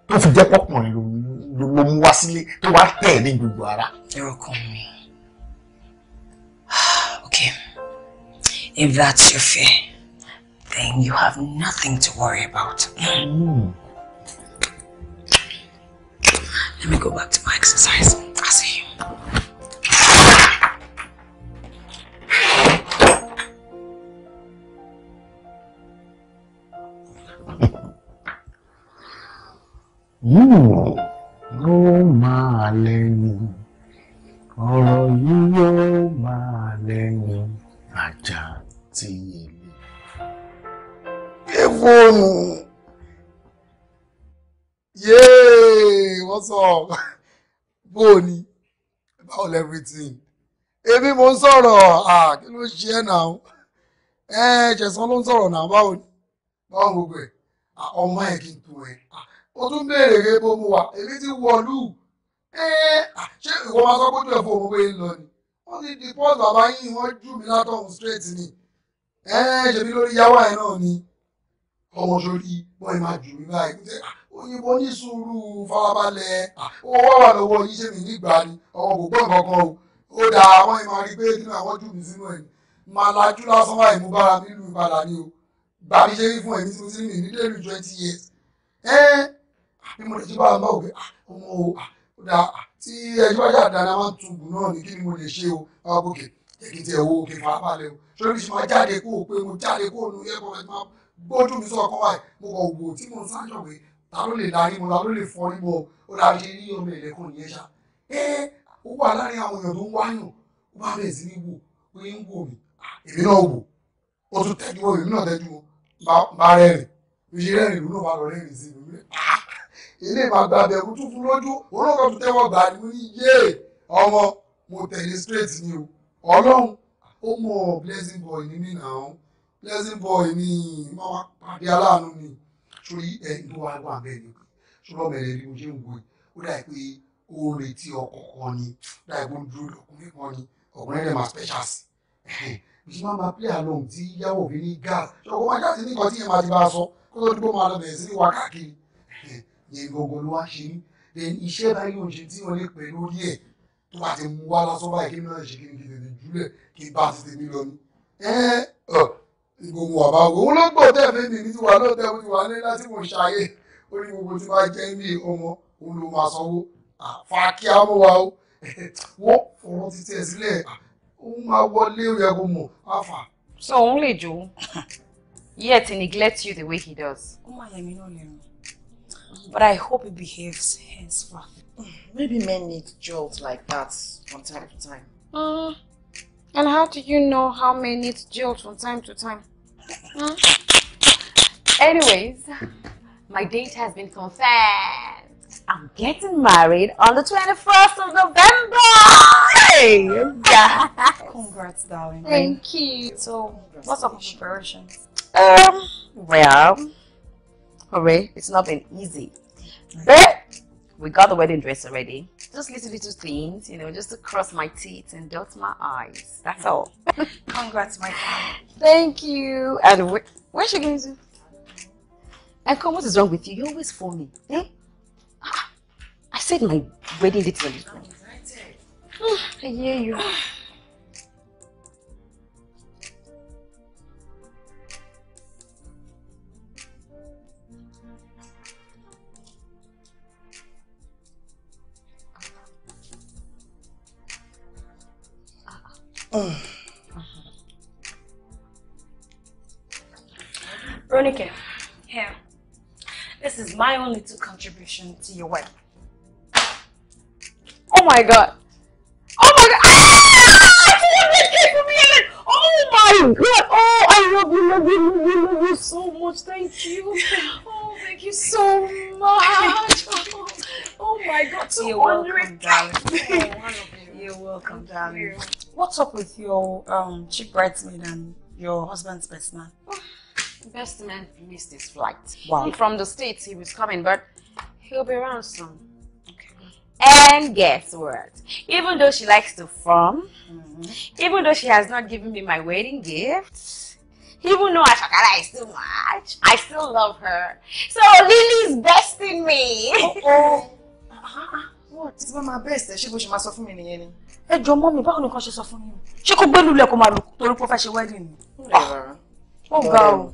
tó fi jẹ́ pọ́pọ́n lòun ló mú wá sílé tó wá tẹ̀ ní gbogbo ara. ẹ̀rọ kan mi okay if that's your fear then you have nothing to worry about. Hmm. Let me go back to my exercise. I see you. Mmm ló máa lẹ́yìn ọ̀rọ̀ yìí yóò máa lẹ́yìn ajá tí yèlé. Yé fóònù! Yé! What's up? Bóòni, about everything. Èmi mo ń sọ̀rọ̀, kí ló ṣe ẹ́ náà? Ẹ ṣẹ̀sán ló ń sọ̀rọ̀ náà, báwo ni? Báwo gbogbo ẹ̀? Ọmọ ẹ̀ kí n tó ẹ̀ ó tún béèrè rẹ bó mu wà èmi ti wọ̀lú ṣé ìwọ máa sọ pé ojú ẹ̀fọ́ òun wé lọ ni wọ́n ti di pọ́ọ̀tù bàbá yín wọ́n jù mí látọ̀hún straight ni ṣèbí lórí yáwá ẹ̀ náà ni ọmọ sórí wọ́n máa jù mí báyìí òyìnbó ní sùúrù farabalẹ̀ owó wà lọ́wọ́ yìí ṣe mí nígbà ni ọmọ kò gbọ́n kankan o ó dà àwọn ìmọ̀ rí pé nínú àwọn jù mí sínú ẹ̀ máa lajú lásán wà ìmúbára nílùú ìbàdàn ni o gbàmíṣe fún ẹ̀mí tí mo ti rìn nílẹ̀ lù twenty years bí mo lè ṣe bá a bá òwe ah, ọmọ o kódà ah, ah, tí ẹjọ́ yà dáná máa ń tubù náà ní kí ni mo lè ṣe o bá a gòkè èkì tí ẹ wo òkè fà á balẹ̀ o sórí ti máa jáde kó o pé mo jáde kó o nu yẹ kọ́ ẹ máa gbójú mi sọ̀kan wáyé mo kọ̀ wò tí mo ń sáyọ̀ pé ta ló lè darí mo ta ló lè fọ́ níbo ó dáa ṣe ní ọmọ ìlẹ́kùn nìyẹn ṣá ẹ ó wà láàrin àwọn èèyàn tó ń wáyàn ó bá bẹ̀rẹ̀ sí ní pé ń wò mí èmi náà wò ó tún tẹ́jú wọn èmi náà tẹ́jú wọn bá rẹ́rìn-ín ìṣe rẹ́rìn-ín ló bá lọ rẹ́rìn-ín sí ìlú rẹ̀ ilé ìmàgbà bẹ̀rù tún fún lójú òun náà kàn tẹ́wọ́ gbà ní yé ọmọ mo tẹ̀lé straight ni o ọlọ́run ó mọ̀ blessing boy ní mí náà blessing boy ní ìmọ̀ pàdé aláàánú ni sórí ẹni tó wá wà bẹ́ẹ̀ ni sọ́dọ̀ mẹ́rin ni mo ṣe ń wo ó dà pé ó ń retí ọkọ̀ kan ni dà pé ó ń dúró lọ́kùnrin kan ni ọkùnrin rẹ̀ máa special sí bí ṣe máa máa play along tí yàwó fi ní gas ṣọkọ̀ máa jáde ní nǹkan tí yẹn máa ti bá a sọ kó tó dúró máa lọ bẹ̀rẹ̀ sí ní wákàkiri yẹn gangan ló wá ṣe yín then iṣẹ́ báyìí ò ń ṣe tí wọ́n lè pè lórí ẹ̀ tó bá ti mú wá lásán báyìí kí náà ṣe kí ni kí tètè júlẹ̀ kí bá ti tèmi lọ ni. ẹ ẹ ìgbòho àbá òun ló gbọ́ tẹ́ mi nìyí ti wà lóòótọ́ mo wà ní láti mo ṣayé ó ní gbogbo tí máa jẹ́ ní ọmọ òun ló máa sanwó àfa kí á mọ́ wa ó wọ́n fọwọ́ ti tẹ̀ sílẹ̀ òun máa wọlé ó yẹ kó mọ̀ àfà. so òun lè jó yet he neglect you the way he does. ó máa yẹ mí náà lẹ́nu. but I hope he behaves henceforth. Maybe men need jolts like that from time to time. Uh, and how do you know how men need jolts from time to time? Huh? Mm. Anyways, my date has been confirmed. I'm getting married on the 21st of November! Hey! Congrats, darling. Thank you. So, what's up with preparations? Um, well, hooray, it's not been easy. But we got the wedding dress already. Just little little things, you know, just to cross my teeth and dot my eyes. That's all. Congrats, my friend. Thank you. And wh where's she going to? And come, what is wrong with you? You always phone me. Eh? Ah, I said my wedding date is on the I hear you. Ronike, here. This is my own little contribution to your wedding. Oh my god. Oh my god. Ah! Oh my god. Oh, I love you, love you, love you, love you so much. Thank you. Oh, thank you so much. Oh my god. So You're welcome, darling. You're welcome, darling. What's up with your um, chick bridesmaid and your husband's best man? Best man missed his flight. Wow. from the States, he was coming, but he'll be around soon. Okay. And guess what? Even though she likes to farm, mm -hmm. even though she has not given me my wedding gift, even though Ashakara is so much, I still love her. So Lily's besting me. Uh oh. Uh -huh. What? It's about my best. She goes, she must have me in the ẹ jọ mọ́ mi báwo nìkan ṣe sọ fún mi ṣé kó gbé lulẹ̀ kó máa lò torí pé ó fẹ́ ṣe wedding ni. Ah. ó ga o.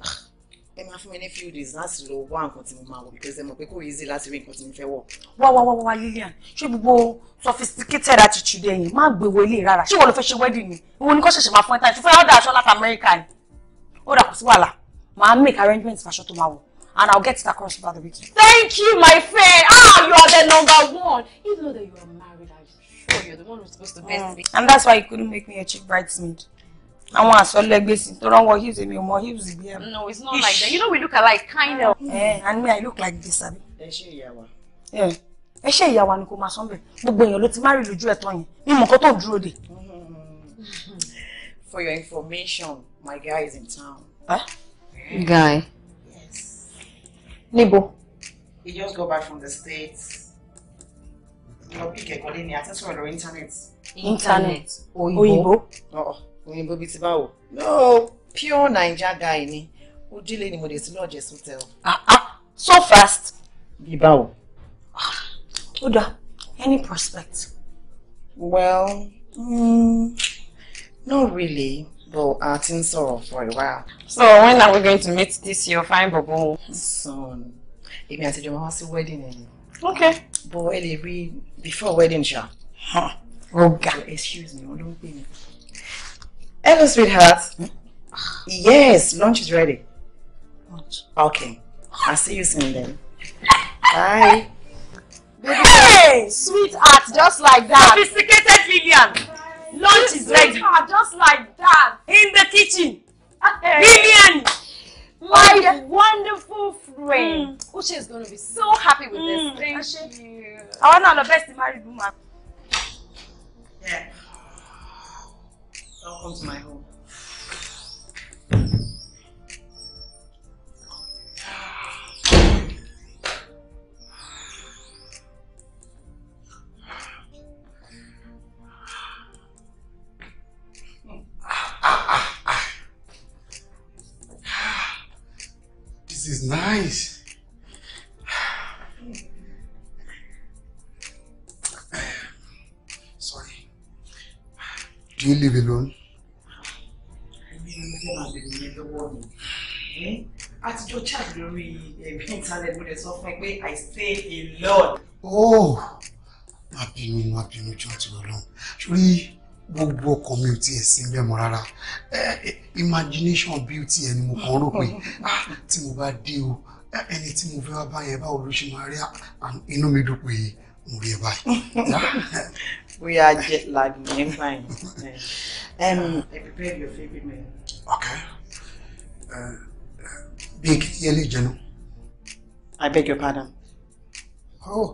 ẹ máa fún mi ní few days láti lọ wá nǹkan tí mo máa wọ̀ because ẹ mọ̀ pé kò easy láti rí nǹkan tí mo fẹ́ wọ̀. wá wá wá wá Lillian ṣé gbogbo sophisticated attitude ẹ̀yìn má gbé wo ilé rárá ṣé ìwọ ló fẹ́ ṣe wedding ni ìwọ ni kò ṣẹ̀ṣẹ̀ máa fún ẹ táyà ṣùgbọ́n ọ̀dà aṣọ láti Amẹ́ríkà ni ó dà kó sí wàhálà màá make arrangements fàṣọ tó máa wọ̀ and I'll get it across by the weekend. Thank you, my friend. Ah, you are the number one. Even though you are mad before. You're the one who's supposed to best mm. me. And that's why you couldn't make me a chief bridesmaid. I want àwọn àsọlẹgbẹ sí Don't rán what he's èmi ò mọ he's bí ẹ. no it's not Ish. like that you know we look alike kind of. ẹ mm. eh, and me i look like this abi. ẹ yawa. ìyàwó. Eh, ẹ ṣe ìyàwó ni kò máa sọ bẹ́ẹ̀ gbogbo èèyàn ló ti marry loju lójú ẹ̀tọ́ yẹn ní mọkàn tó dúró de. for your information my guy is in town. Huh? guy. yes. Nibo. he just got back from the states ọ̀bí kẹ̀kọ́ lé ní ti báwo. no pure naija guy ni ojúlé ni mo dé sí lọ́ọ̀jẹ̀ sọ́tẹ̀ o. so fast. bíi báwo. Ah, ó dáa any prospect. well mm, not really but a ti ń sọ̀rọ̀ for a while. so when are we going to meet this your fine bobo. soon èmi àti ìjọba wá sí wedding okay bọ ẹ lè rí before wedding ṣá. ọ̀gá excuse me wọ́n ló ń pè mí. hello sweetheart. yes lunch is ready. okay I'll see you soon then. bye. Baby, hey, sweetheart, just like that. Sophisticated Lillian. Lunch is ready. Just like that. In the kitchen. Hey. Lillian my wonderful friend. Mm. Uche oh, is going to be so mm. happy with mm. this. Thank Ashe. you. I want have the best married woman. Yeah. Welcome to my home. This is nice. Sorry. Do you live alone? Àtijọ́ charge lórí ẹ̀bí eh, internet mo lè sọ fún ẹ pé I stay alone. Oh, má bínú má bínú jọ́ ti lọ́lọ́run. Ṣorí gbogbo ọkàn mi ò tiẹ̀ sí bẹ́ẹ̀ mọ́ rárá imagination beauty ẹni mo kàn rò pé ah, tí mo bá dé o ẹni tí mo fẹ́ wá bá yẹn báwo ló ṣe máa rí inú mi dùn pé mo rí ẹ báyìí. bóyá jet lag yẹn báyìí. I prepare your favourite meal. Okay. bí kí yẹn lè jẹun. I beg your pardon. oh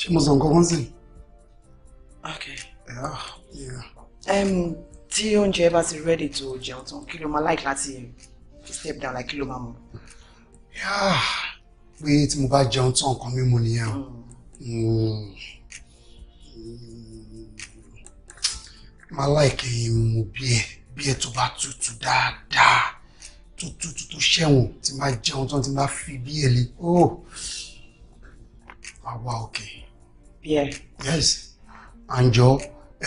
ṣé mo sọ nǹkan kan sí i. Okay. Yeah, yeah. Um, tí oúnjẹ bá ti ready to jẹun tán, kí ló máa like láti step down like kí ló máa Yeah, we tí mo bá jẹun tán nǹkan mímu nìyẹn o. Hmm. Hmm. Máa like eh, mu bíẹ̀ bíẹ̀ to bá tutù dáadáa tó tutù tó ṣẹ̀wọ̀n tí máa jẹun tán tí máa fi bíẹ̀ lé. Oh, àwa Okay. Yeah. Yes àǹjọ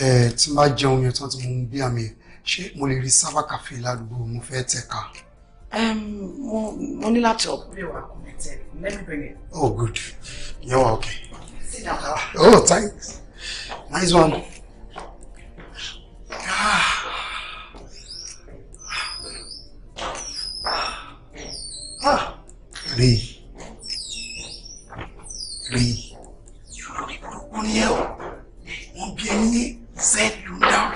ẹ tí má jẹun yẹn tán tí mo ń bí àmì ẹ ṣé mo lè rí sábà kàfé ládùúgbò mo fẹ́ tẹ̀ka. mo ní laptop. Let me bring it. Oh, good. You're okay. Sit down. Oh, thanks. Nice one. Ah. Ah. Lee. Lee. You look like you're will be you down.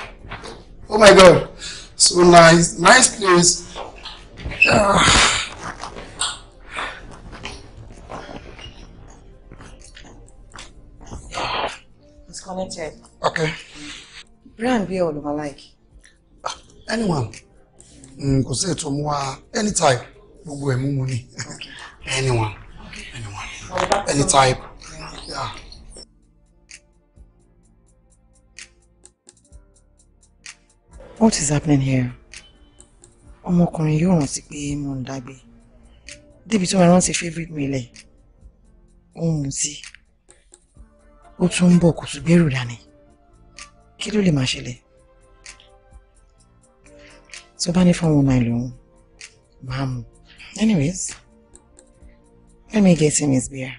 Oh my God. So nice. Nice place. Uh. Ah. It's connected. Okay. Brian be all over like. Anyone. Mm, kò sí ètò any type gbogbo ẹ̀ mú mu ni. Anyone. Anyone. Any type. Yeah. What is happening here? Ọmọkùnrin yóò rántí pé mo ń dágbé. Débi tó máa rántí favourite mi lẹ̀. Ó ń mutí. Ó tún ń bọ̀ kò tún gbèrú dání. Kí ló lè máa ṣẹlẹ̀? Tó bá ní fọ́ọ̀mù náà lòun, máa mú. Anyways, let me get him his beer.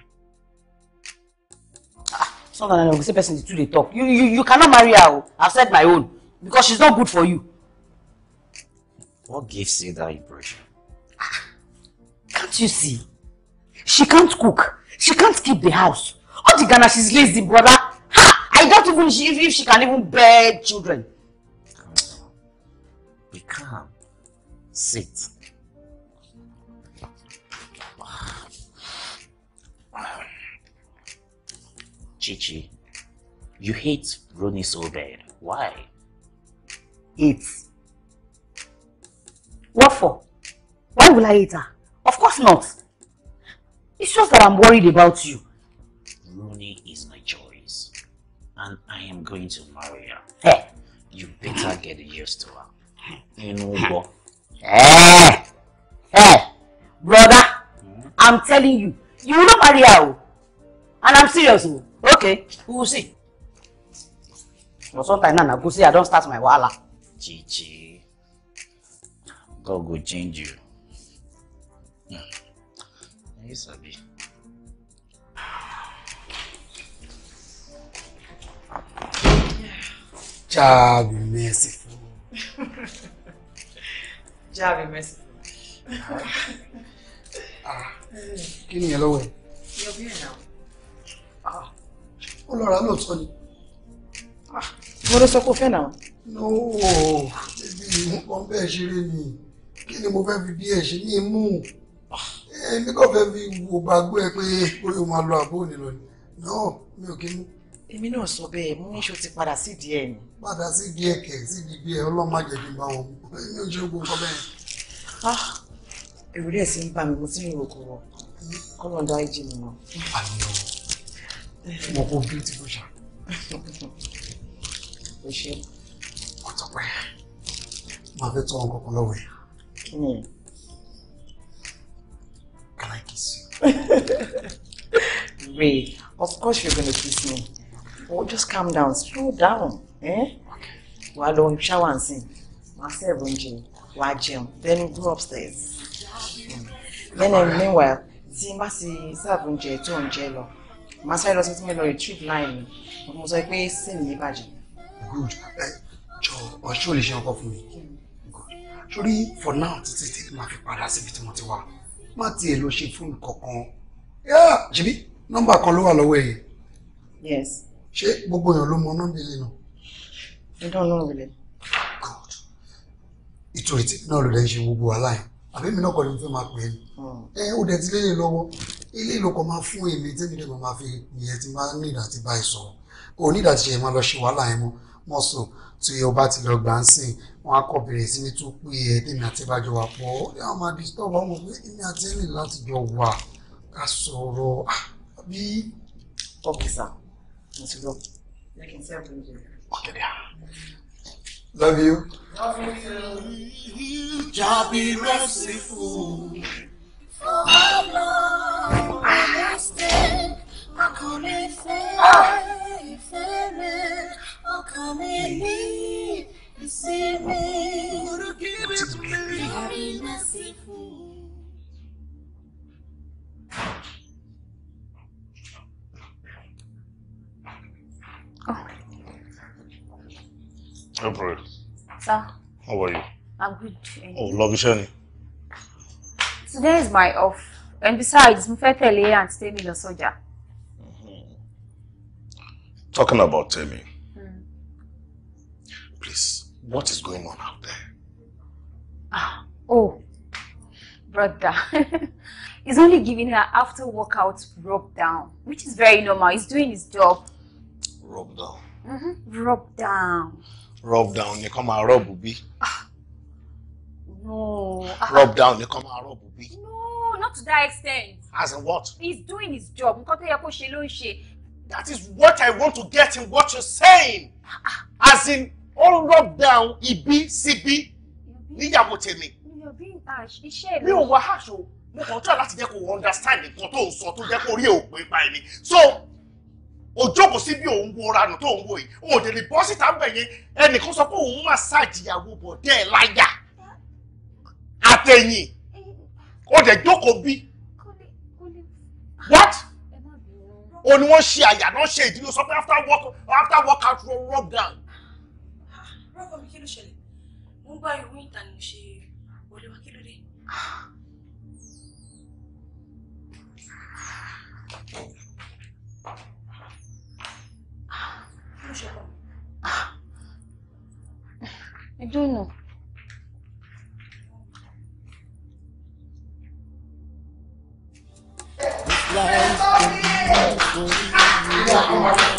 Ah, it's not that I know. This person is too dey talk. You, you, you cannot marry her. I've said my own because she's not good for you. What gives you that impression? Ah, can't you see? She can't cook. She can't keep the house. All the Ghana, she's lazy, brother. Ha! I don't even she, if she can even bear children. Be calm. Sit. Chichi, you hate Ronnie so bad. Why? hate. What for? Why will I hate her? Of course not. It's just that I'm worried about you. Rooney is my choice. And I am going to marry her. Hey. Eh. You better get used to her. You know hmm. what? Hey! Eh. Eh. Hey! Brother, hmm? I'm telling you, you will not marry her. Oh. And I'm serious. Oh. Okay, we will see. But sometimes now, I go see I don't start my wahala. GG. God go change you. Hmm. You sabi. Jah be merciful. Jah be merciful. Kí ni ẹ lọ́wọ́ ẹ̀? Yọ bí ẹ̀ náà ah, ó lọ rà lóòótọ́ ni. Ah, mo náwó bíbí nǹkan bẹ́ẹ̀ ṣeré ni kí ni mo fẹ́ fi bí ẹ̀ ṣe ní imú èmi kò fẹ́ fi wò gbàgbé ẹ pé orí wọn lọ àbó òní lọ náà mi ò kí mú. èmi náà sọ bẹ́ẹ̀ mú níṣó ti padà sí ìdí ẹ̀ ni. padà sí ìdí ẹ̀ sí ìdí ẹ̀ ọlọ́mọ àjẹbí bá wọn èmi ò ṣe gbogbo nǹkan bẹ́ẹ̀. èrò ah, díẹ̀ sí ń bá mi mo ti ń rò kó kọ́lọ̀ ń dá ìjì mi mọ́. àmì mo kò bí ti kò ṣá. o ṣeun. Tọ́pẹ́ máa fẹ́ tọrọ nǹkan kan lọ́wọ́ hmm. Can I kiss you? Ray, of course you're gonna kiss me. Oh, just calm down, slow down. Eh? wàá lọ ṣáwà ń sìn wàá sẹ́ẹ̀bù oúnjẹ wa jẹun then go upstairs. Hmm. then um, meanwhile tí n bá ti sẹ́ẹ̀bù oúnjẹ tó ń jẹ lọ màá sáré lọ sí tí mo lọ retrieve line mo sọ pé sẹ́ẹ̀nì yìí bàjẹ́ jọ ọṣù lè ṣe ọkọ fún mi sórí for now títí tí màá fi padà síbi tí mo ti wà má tiẹ̀ lọ ṣe fóònù kankan ṣebí nọ́mbà kan ló wà lọ́wọ́ ẹ̀ yes ṣé gbogbo èèyàn ló mọ nọ́mbà ilé náà. I don't know really. God ìtòrí tí náà ló lẹ́ ṣe gbogbo wa láyìn àbí mi náà kọ́ ni mo fẹ́ máa pè é hmm. ẹ ó dẹ̀ ti lélẹ̀ lọ́wọ́ ilé ìlòkọ̀ máa fún èmi tẹ́mi dẹ̀ máa fi ìyẹn ti máa ní ìdàtí báyìí sọ̀rọ̀ òní ìdàtí ṣe máa lọ ṣe wàhálà yẹn mọ́ mọ́ sùn tí o bá ti lọ gbà ń sìn wọn á kọ bẹ̀rẹ̀ sí ní tún pé ẹ tèmi àti ìbájọ wà pọ̀ ẹ wọn máa disturb ọmọ pé èmi àti ẹlẹ láti jọ wà ká sọ̀rọ̀ ah, àbí. ọfíìsà mo ti lọ jẹ́ kí n sẹ́ẹ̀kì oúnjẹ. ọ̀kẹ́dẹ́ Love you. Love merciful. For my love. agreed. Eh? Oh, love you, Today is my off. And besides, mo fẹ́ and stay me lọ mm-hmm. Talking about Temi. Mm. Please, what is going on out there? Ah, oh, brother. He's only giving her after workout rub down, which is very normal. He's doing his job. Rub down. Mm-hmm. Rub down. Rub down. You come and rub, Ubi. Ah. No. Ah. Rub down, they come and rub Obi. No, not to that extent. As in what? He's doing his job. Nǹkan tó yẹ kó That is what I want to get in what you're saying. Ah. As in, all rub down, ibi, síbi, níyàwó tèmi. You're being harsh. Iṣẹ́ mi. Mi ò wá harsh o. Mo kàn tọ́ láti jẹ́ kó understand nǹkan tó ń sọ tó jẹ́ kó rí òpin báyìí ni. So, òjòkó sí bí òun wo ranù tó ń wo yìí. Òdè lè bọ́ síta ń bẹ̀ yẹn. Ẹnìkan sọ pé òun máa ṣàjìyàwó àtẹ̀yìn ó dẹ̀ jókòó bí what ó ní wọ́n ṣe àyà náà ṣe ìdílé sọ pé after work after work out run run down. rọ́pò mi kí ló ṣẹlẹ̀ mo ń bá ìwé ìtàní ṣe wọlé wa kí ló dé. I don't know. life.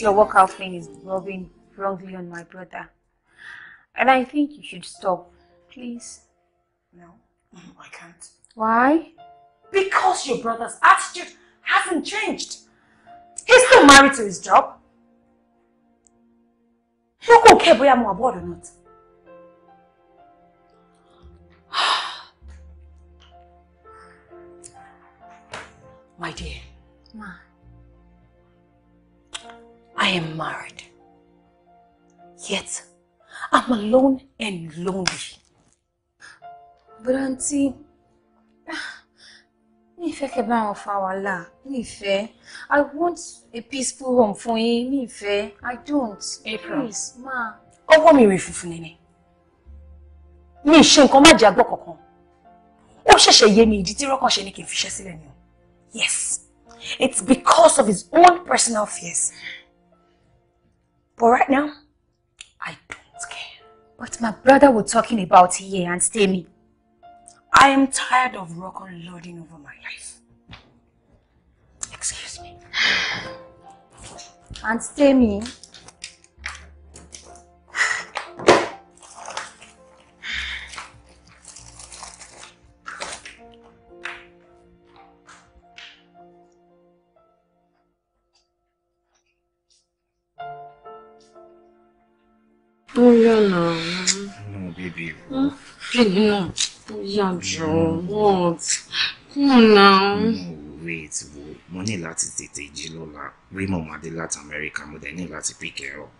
your workout thing is rubbing wrongly on my brother. And I think you should stop. Please. No, mm-hmm. I can't. Why? Because your brother's attitude hasn't changed. He's still married to his job. No one care whether I'm aboard or not. My dear. Ma. I am married. Yet, I'm alone and lonely. But auntie, mi fẹ́ kẹ́ bá wọn fa wàhálà mi I want a peaceful home for yín mi fẹ́ I don't April. please ma. Oh, what rè funfun nìyẹn Nene? Me nǹkan má jẹ́ àgbọ̀ kankan ó ṣẹ̀ṣẹ̀ yé mi ìdí tí rọ́kàn ṣe ni kì í yes it's because of his own personal fears But right now, I don't care. But my brother was talking about here and stay me. I am tired of rock and lording over my life. Excuse me. And stay me. million No, baby. Huh? Baby, no. Yeah, Joe. What? No, wait, wo. Mo ní láti tètè jí lọ́la. Raymond Adé America, mo dẹ̀ ní láti pick her up.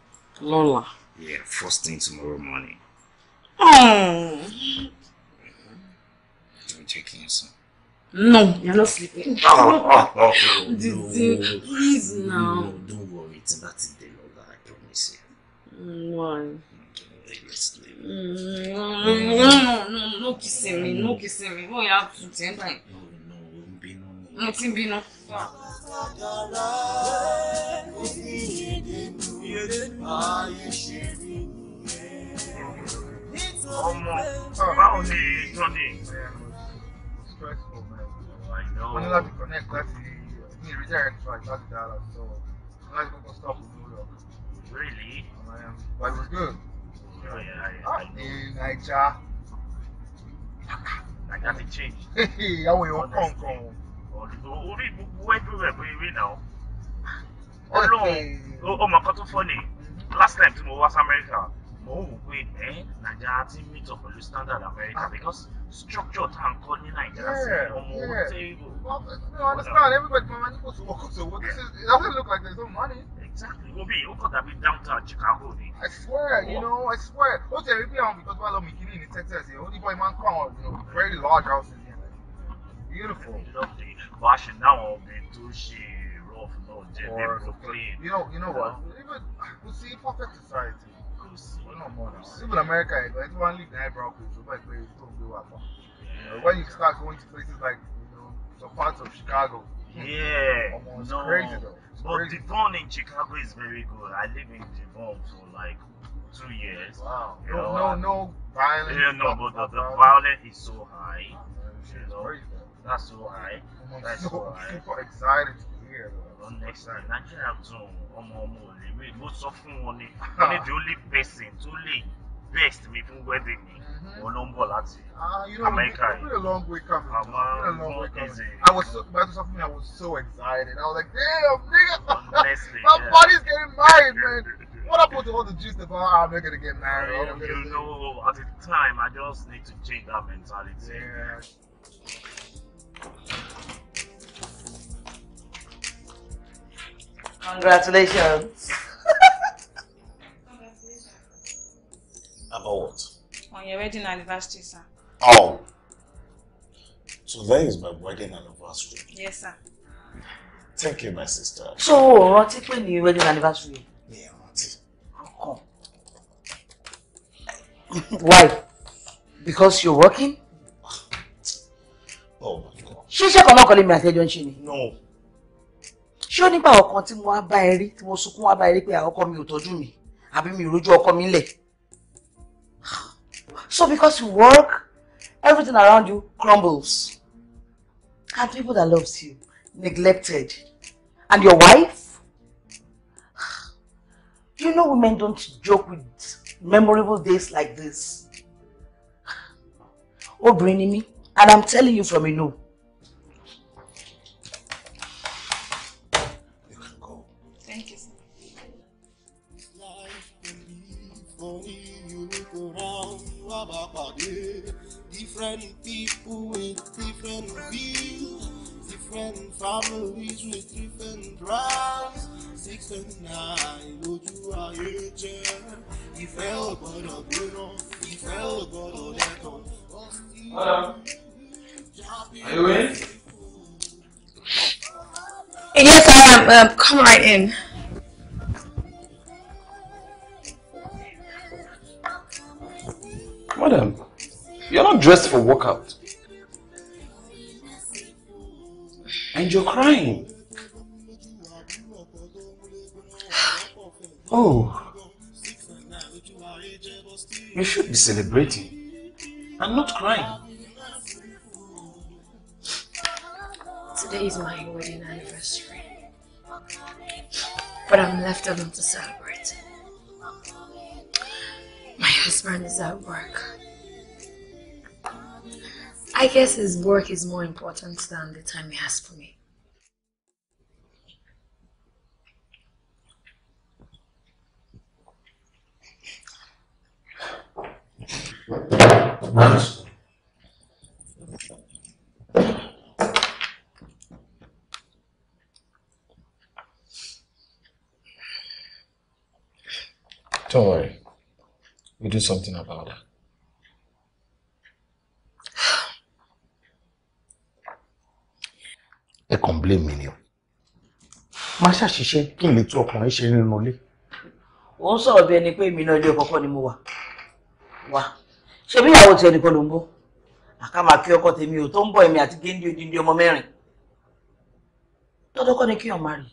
Lọ́la? Yeah, first thing tomorrow morning. Oh. I'm check you son. No, you're not sleeping. Oh, oh, oh, oh no, oh. Please now. No, don't worry, it's about today, Lola, I promise you. Mm, why? No, no, no kissing me, no kissing me. Oh, yeah, to ten time. No, no, bínú. Mo ti bínú. Ọmọ, báwo ni Johnny? Stressful, man. I know. Wọ́n ní láti connect láti ní redirect flight láti Dallas, so wọ́n láti kọ́kọ́ stop in New York. Really? I am. But it was good. naija naija ti change. àwọn èèyàn kàn kàn o. orí gbogbo ẹgbẹ́ rẹ̀ bó eré náà ọlọ́run ọmọ kan tó fọ́ ni last time tí mo wá America mo wò pé ẹ naija ti meet up pẹ̀lú standard America because structure tá n kọ́ ní Nigeria sí ọmọ owó table. well you understand everybody my ní kò sówó kò sówó this is it doesn't look like there is no money. Exactly. We could have been downtown Chicago I swear, you know, I swear. Ó tẹ̀ because bí àwọn bìkan tó bá lọ Texas The only boy man come, ń you know, very large houses yẹn. Beautiful. Lovely. Washing now náwọn obìnrin tó rough no, jẹ́ ní clean. You know, you know what? Even we ah, see perfect society. Kò sí. Ó náà mọ̀ Even America everyone ẹni tí wọ́n ń leave ní eyebrow kò but tó ń gbé When you start going to places like, you know, some parts of Chicago. Yeah. Almost no. crazy though. It's but crazy. Devon in Chicago is very good. I live in Devon for like two years. Wow. You no, know, no, no violence. Yeah, no, but the, the violence is so high. Oh, man, you know, crazy, that's so high. that's so, so high. super excited to hear. Though. Next time, Nigeria too. ọmọ ọmọ ò lè rí mo sọ fún wọn ni wọn ni the only person tó lè best mi fún wedding mi òun ló ń bọ̀ láti America yìí. àmọ́ bọ́ ẹ̀sẹ̀. I was so my husband me I was so excited I was like damn nigga Honestly, somebody's yeah. getting married man. What happened to all the gist about how I'm not gonna get married? Well, um, gonna you know, get... at the time, I just need to change that mentality. Yeah. Congratulations. About what? On your wedding anniversary, sir. Oh. So that is my wedding anniversary. Yes, sir. Thank you, my sister. So, what rántí when your wedding anniversary. Yeah, rántí. How come? Why? Because you're working? Oh my God. She kan mọ́ kọ́lé mi àti ẹjọ́ ń ṣe ni. No. She only nípa ọ̀kan tí mo wá bá ẹ rí tí mo sunkún wá bá ẹ rí pé àwọn ọkọ mi ò tọ́jú mi àbí mi ò So because you work, everything around you crumbles. And people that loves you, neglected. And your wife? You know women don't joke with memorable days like this. Oh, bringing me. And I'm telling you from you know. people with different views, different families with different drives. Six and nine, He lójú ayé jẹ́, ìfẹ́ ò gbọ́dọ̀ gbóná, ìfẹ́ ò gbọ́dọ̀ lẹ́kọ̀ọ́. Hola. Are you in? Yes, I am. Um, come right in. Madam, you're not dressed for workout. and you're crying. Oh, you should be celebrating and not crying. Today is my wedding anniversary, but I'm left alone to celebrate. My husband is at work I guess his work is more important than the time he has for me. Don't worry. We do something about that. complain mi ni o máa ṣàṣìṣe kí n lè tún ọkùnrin ṣe nínú ilé. ó ń sọ̀rọ̀ ni ẹni pé èmi náà ilé ni mo wà wà ṣé bí ìyàwó tiẹ̀ nìkan ló ń bọ́ àkàmà kí ọkọ tèmi ò tó ń bọ̀ èmi àti géńdé odindi ọmọ mẹ́rin tọ́dọ́kọ́ ni kí you're married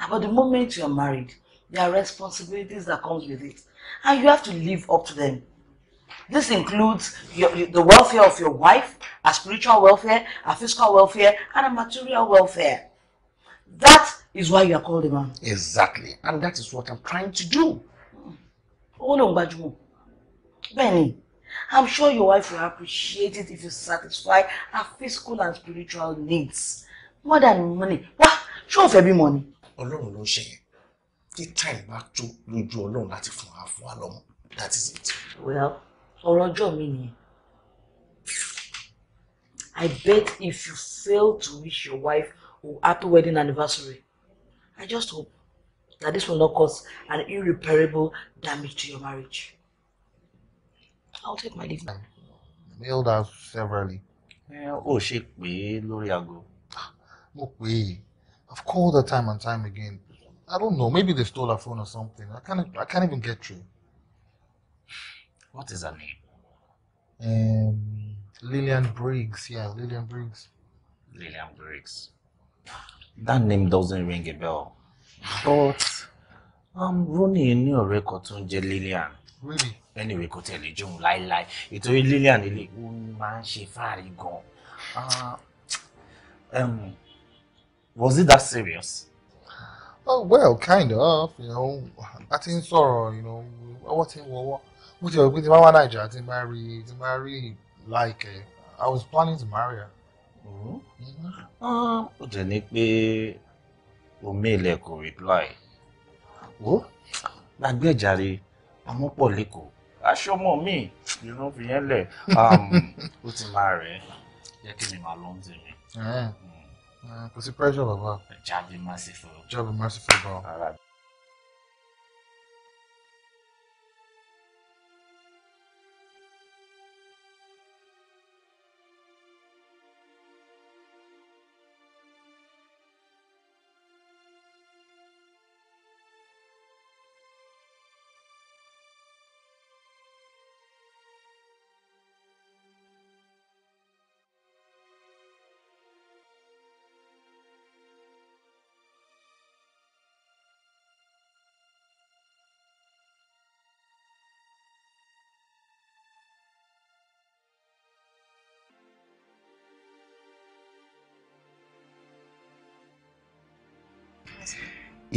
about the moment you are married there are responsibilities that comes with it and you have to live up to them. This includes your, the welfare of your wife, a spiritual welfare, a physical welfare, and a material welfare. That is why you are called a man. Exactly. And that is what I'm trying to do. Benny, I'm sure your wife will appreciate it if you satisfy her physical and spiritual needs. More than money. What? Show of every money. Alone, ló share. yẹn. Tí time bá tó lójú alone that fún wa fún wa lọ́mọ. That is it. Well, ọ̀rọ̀ ọjọ́ mi nìyẹn. I bet if you fail to wish your wife a happy wedding anniversary, I just hope that this will not cause an irreparable damage to your marriage. I'll take my leave now. Mailed out severally. Ó ṣe pé lórí aago. Ah, mo pè é. I've called her time and time again. I don't know, maybe they stole her phone or something. I can't I can't even get through. What is her name? Um, Lillian Briggs. Yeah, Lillian Briggs. Lillian Briggs. That name doesn't ring a bell. But um, Ronnie ní ọ̀rẹ́ kan tó ń Lillian. Really? Anyway, kò Tell you láíláí. lie, lie. ilé ó máa ń ṣe fáàrí gan-an. Ah, um, was it that serious? Oh, well, kind of. You know, a ti ń you know, what ti what wọwọ́. With your with your mama, máa wá nàìjíríà tí máa rí tí máa I was planning to marry her. Hmm? Ah, ó jẹ́ it be omi ilẹ̀ kò reply wo gbàgbé ìjàre àwọn pọ̀ lẹ́kọ̀ọ́ aṣọ́mọ mi ìran fi yẹn lẹ̀ um, ó ti máa rẹ̀ jẹ́ kí mi máa lọ ń tèmi. Eh, hmm. eh, kò sí pressure bàbá. jáde má sí fún. jáde má sí fún bàbá.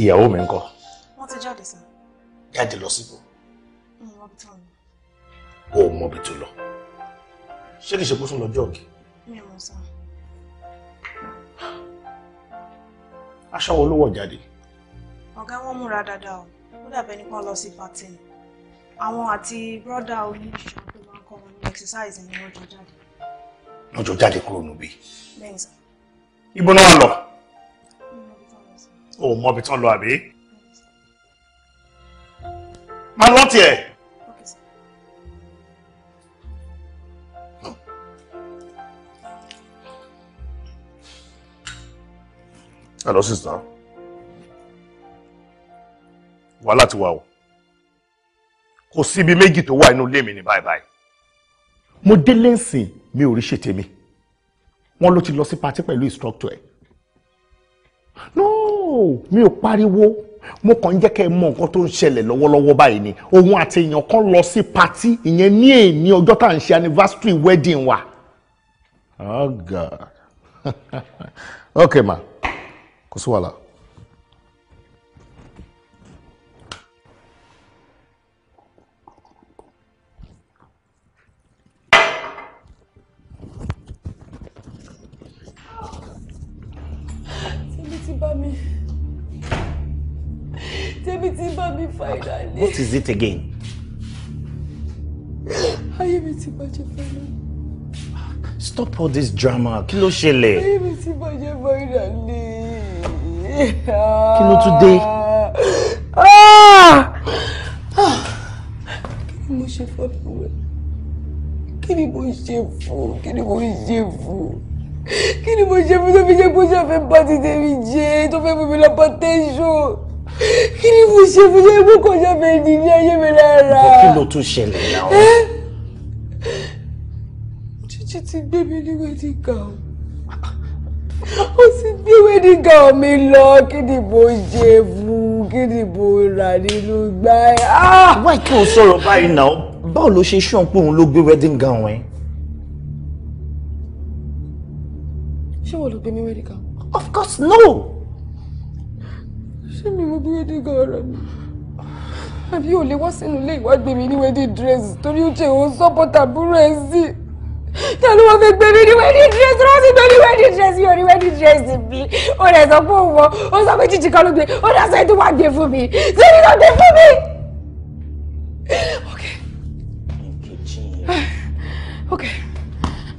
ìyàwó mi ńkọ́. wọ́n ti jáde sí. jáde lọ síbò. Hm, o ò mọbi tó lọ. ṣé kìí ṣe kó tún lọ jọ́ọ̀gì. mi ò mọ̀ sọ. aṣọ wo ló wọ̀ jáde. ọ̀gá wọn múra dáadáa o ó dàbẹ́ ní kán lọ sí pàtì ni àwọn àti bírọ́dà oníṣòwò tó máa ń kọ́ wọn ní ẹ̀kísáìsì ni wọ́n jọ jáde. wọ́n jọ jáde kúrò níbí. bẹ́ẹ̀ ibo náà lọ ò mọ ibi tí wọ́n lọ àbí. máa lọ tiẹ̀. hello sister wàhálà ti wà o kò síbi méjì tó wà inú ilé mi ní báyìí báyìí mo délé nsìn mi ò rí ṣe tèmi wọ́n ló ti lọ sí patí pẹ̀lú instructor ẹ̀ no mi ò pariwo mo kàn ń jẹ́ kẹ́ ẹ mọ nǹkan tó ń ṣẹlẹ̀ lọ́wọ́lọ́wọ́ báyìí ni òun àti èèyàn kan lọ sí patí ìyẹn ní èèní ọjọ́ tá à ń ṣe anniversary wedding wa. oh god okay ma kò sí wàhálà. mi finally. What is it again? Ayé mi ti bàjẹ́ finally. Stop all this drama. Kí ló ṣẹlẹ̀? Ayé mi ti bàjẹ́ finally. Kí ló tún dé? Ah! Ah! Kí ni mo ṣe fọ́ fún ẹ? Kí ni mo ṣe fún? Kí ni mo ṣe fún? Kí ni mo ṣe fún tó fi jẹ́ kó ṣàfẹ́ bá ti tẹ̀mí jẹ́ tó fẹ́ fún mi lọ́pọ̀ tẹ́ṣọ̀? kí ni mo ṣe mo ṣe pé kò ṣe bẹ́ẹ̀ ní ní ayé mi lára. kí ló tún ṣẹlẹ̀ náà. títí ti gbé mi ní wedding gown ó sì gbé wedding gown mi lọ kí ni mo ṣe fún kí ni mo rà nínú gbá ẹ. Ah! wáyé kí o sọ̀rọ̀ báyìí náà báwo ló ṣe ṣàn pé òun ló gbé wedding gown ẹ. ṣé wo ló gbé mi wedding gown. of course no ṣé mi mo bí wedding gown mi àbí ò lè wá sínú ilé ìwádìí mi ní wedding dress torí ó jẹ́ òun sọ́pọ̀tà búrú ta ló wá fẹ́ gbé mi ní wedding dress wọ́n sì gbé ní wedding dress mi ò ní wedding dress ó rẹ̀ sọ pé òun wọ́n ó sọ pé jìjì kan ló gbé ó dá sọ ẹ́ tó wá gbé fún mi sẹ́ni ló gbé fún mi. okay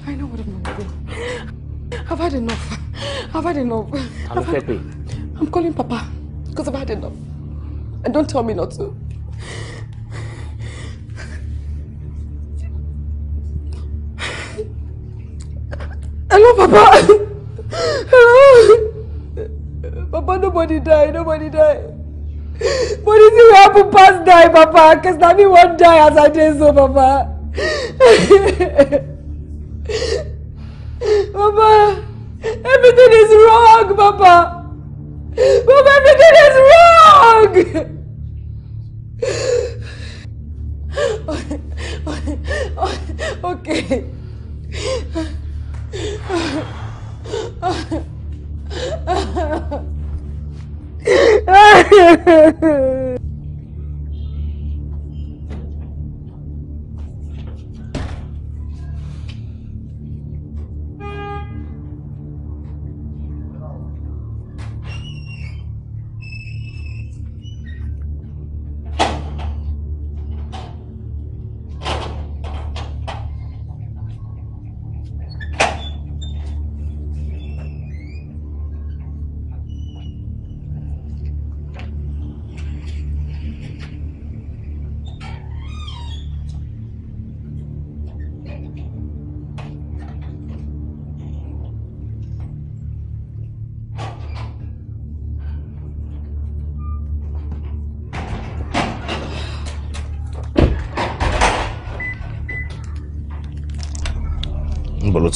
I know what I'm gonna do I've had enough I've had enough. I'm, had... I'm calling papa because I've had enough. And don't tell me not to. Hello, Papa. Hello. Papa, nobody die. Nobody die. But if you happen past die, Papa, because now me won't die as I did so, Papa. Papa, everything is wrong, Papa. But everything is wrong! okay.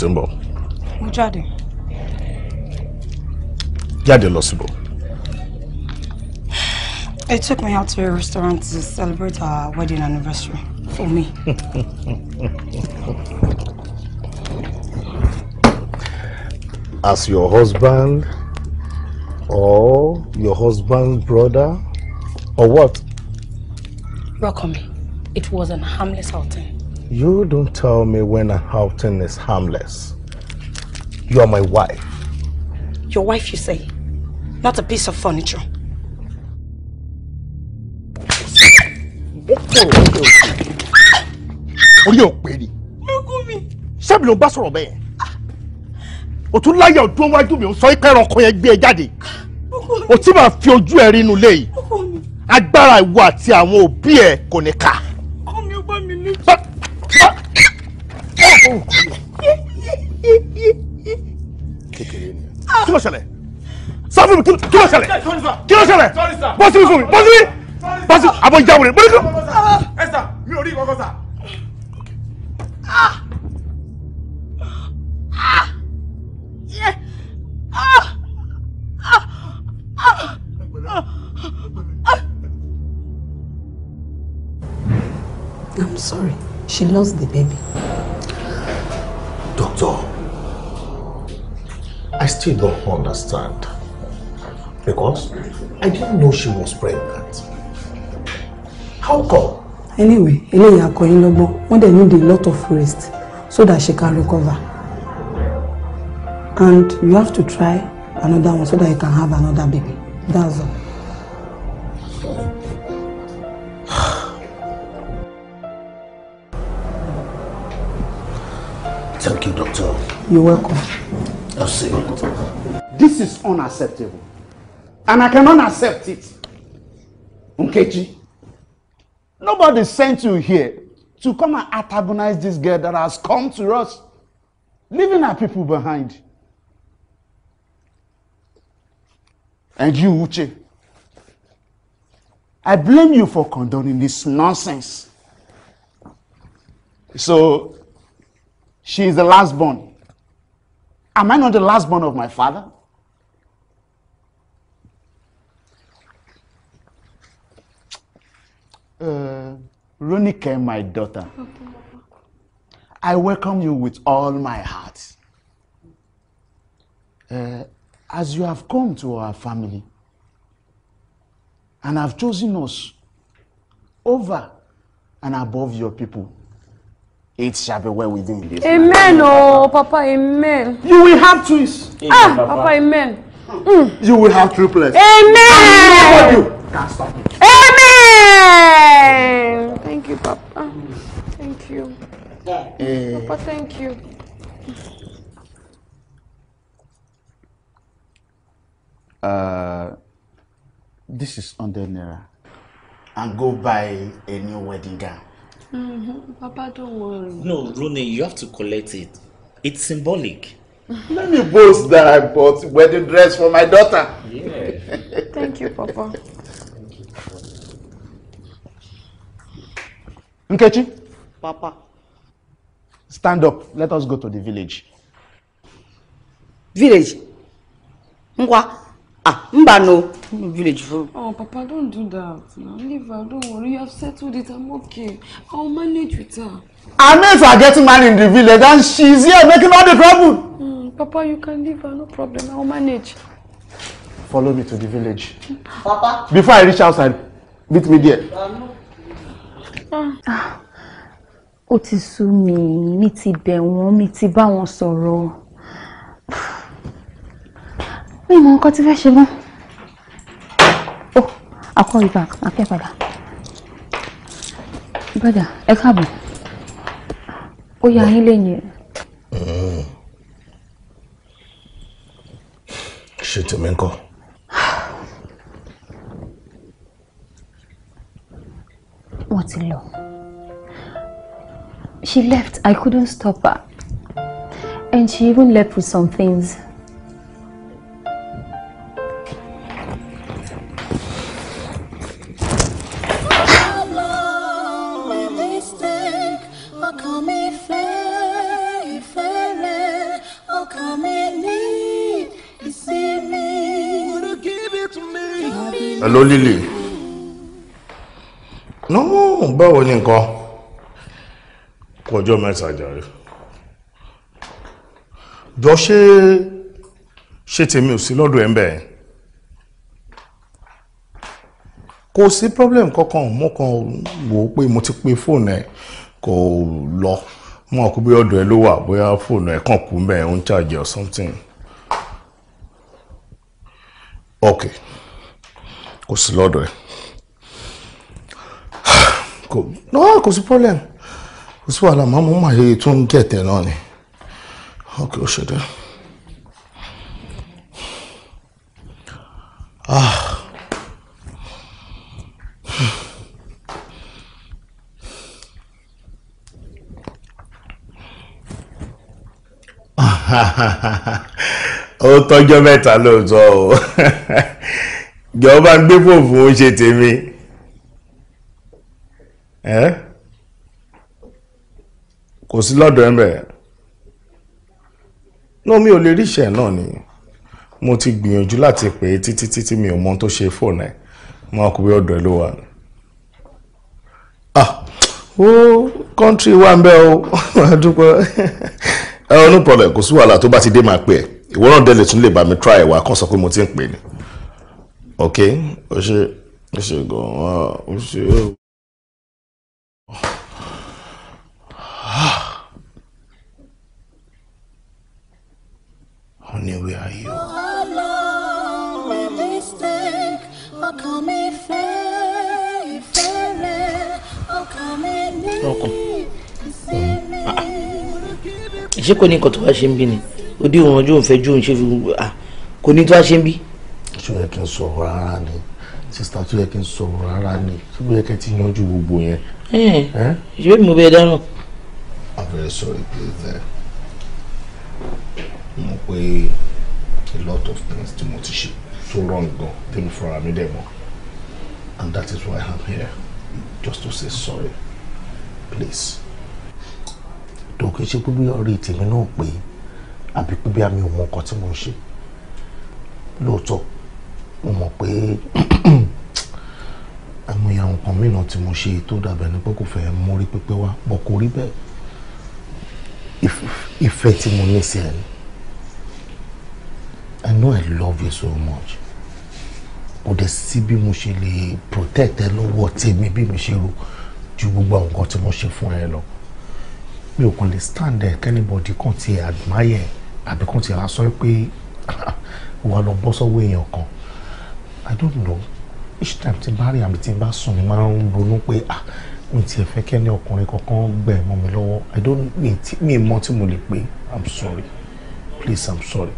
tí ń bọ̀. mo jáde. jáde lọ síbò. They took me out to a restaurant to celebrate our wedding anniversary for me. As your husband or your husband's brother or what? Rokomi, it was an harmless outing. You don't tell me when a outing is harmless. You are my wife. Your wife, you say? Not a piece of furniture. orí ọ̀pẹ ni. lókun mi. sẹ́mi ló ń bá sọ̀rọ̀ bẹ́ẹ̀. o tún láyà ọdún wájú mi ò sọ pé ẹranko yẹn gbé ẹ e jáde. o ti máa fi ojú ẹ rí inú ilé yìí. agbára ìwọ àti àwọn òbí ẹ kò kékeré ni kí ló ṣẹlẹ̀ sọ fún mi kí ló ṣẹlẹ̀ mi fún mi bọ́ sí mi bọ́ sí mi àbọ̀ mi. ẹ sà mi ò I'm sorry. She lost the baby. I still don't understand. Because I didn't know she was pregnant. How come? Anyway, eléyìí akọyin lọ́gbọ́n wọ́n dẹ̀ need a lot of rest so that she can recover. And you have to try another one so that you can have another baby. That's all. Thank you, doctor. You're welcome. This is unacceptable. And I cannot accept it. Nkechi, nobody sent you here to come and antagonize this girl that has come to us, leaving her people behind. And you, Uche, I blame you for condoning this nonsense. So, she is the last born. Am I not the last born of my father? Uh, Ronike, my daughter, okay. I welcome you with all my heart. Uh, as you have come to our family and have chosen us over and above your people, it shall be well within this. Amen, oh Papa, amen. You will have twins. ah, Papa, Papa amen. Mm. You will have triplets. Amen. You can't stop me. Amen. Thank you, Papa. Thank you. Uh, Papa, thank you. Uh, this is under naira. And go buy a new wedding gown. Mm-hmm. Papa, don't worry. No, Rooney, you have to collect it. It's symbolic. Let me boast that I bought wedding dress for my daughter. Yeah. Thank you, Papa. Nkechi. Papa. Stand up. Let us go to the village. Village? Ngwa. Ah, Mbano. Village fool. Oh, Papa, don't do that. Now leave Don't worry. You have settled it. I'm okay. I'll manage with her. I'm know if I get married in the village, and she's here making all the trouble. Mm, Papa, you can leave her. No problem. I'll manage. Follow me to the village. Papa. Before I reach outside, meet me there. Ah. ah. Ó mi, mi ti bẹ̀ wọ́n, mi ti bá wọn sọ̀rọ̀ mi mọ nǹkan tí fẹ́ ṣe mọ́ ó àkọ́ ìgbà àpẹ́ padà brother ẹ káàbọ̀ ó yà yín lẹ́yìn rẹ̀. ṣe tèmi ńkọ́. wọ́n ti lọ. She left. I couldn't stop her. And she even left with some things. ló lílì náà báwo ni nǹkan kọjọ́ mẹ́ta jàre jọ ṣé ṣé tèmi ò sí lọ́dọ̀ ẹ̀ ń bẹ̀ kò sí problem kankan mo kàn wò ó pé mo ti pe fóònù ẹ kò lọ mo àkú bí ọ̀dọ̀ ẹ ló wà bóyá fóònù ẹ kàn kú mbẹ ń charge or something okay kò sí lọ́dọ̀ ẹ̀ kò náà kò sí problem kò sí wàhálà màá mú màyè tó ń gẹ̀tẹ̀ náà ni ok ó ṣe dẹ́. ah. ó tọ́jọ́ mẹ́ta lóòótọ́ o jọba ń gbé fòfò ó ṣe tèmi kò sí lọ́dọ̀ ẹ̀ bẹ́ẹ̀ náà mi ò lè ríṣẹ́ náà ni mo ti gbìyànjú láti pè é títí títí mi ò mọ tó ṣe fóònù ẹ̀ máa kú bí ọ̀dọ̀ ẹ̀ ló wà. ah ó kọ́ńtì wa ń bẹ́ o máa dúpẹ́ ẹ̀rọ ní pọ̀lẹ̀ kò sí wàhálà tó bá ti dé máa pè é ìwọ náà délé tún lè bá mi try ẹ̀ wá kàn sọ pé mo ti ń pè é ni. Okay, ó ṣe ó ṣe gan-an ah, ó ṣe ah. Honey, where are you? ọkàn ah. ṣé kò ní nǹkan tó wá ṣe ń bí ni ó dé òun ọjọ́ òun fẹ́ jó òun ṣe fi kò ní tó wá ṣe ń bí ṣó yẹ kí n sọ̀rọ̀ rárá ni sista tó yẹ kí n sọ̀rọ̀ rárá ni tó yẹ kí n ti yanjú gbogbo yẹn. ìṣòro mi ò bẹ dáràn. I'm very sorry please ẹ eh. mo pe a lot of things tí mo ti ṣe tó wrong gan tèmi fúnra mi dẹ̀ mọ́ and that is why I'm here just to say sorry please tó kí n ṣe pé bí ọ̀rẹ́ tèmi náà pé àbí pé bí àmì òun ọkọ tí mo ń ṣe lóòótọ́ mo mọ̀ pé àmúyẹ àwọn mìíràn tí mo ṣe tó dàbẹ̀ ni pé kò fẹ́ mórí pípẹ́ wá bọ̀ kò rí bẹ́ẹ̀ ìfẹ́ tí mo ní sí ẹ ni I know I love you so much kò dẹ̀ sí bí mo ṣe lè protect ẹ lọ́wọ́ tèmi bí mi ṣe rò ju gbogbo àwọn nǹkan tí mo ṣe fún ẹ lọ mi ò kàn lè stand there kẹ́nìbọ̀dì kan ti admire àbí kan ti wá pé ah, wà lọ bọ́ sọ́wọ́ èèyàn kan i don't know each time tí n bá rí àmì tí bá sùn ni máa ń ronú pé ah mi ti ẹ̀ fẹ́ kẹ́ ní ọkùnrin kankan gbẹ̀ mọ́ mi lọ́wọ́ i don't mi mọ tí mo lè pé i'm sorry please i'm sorry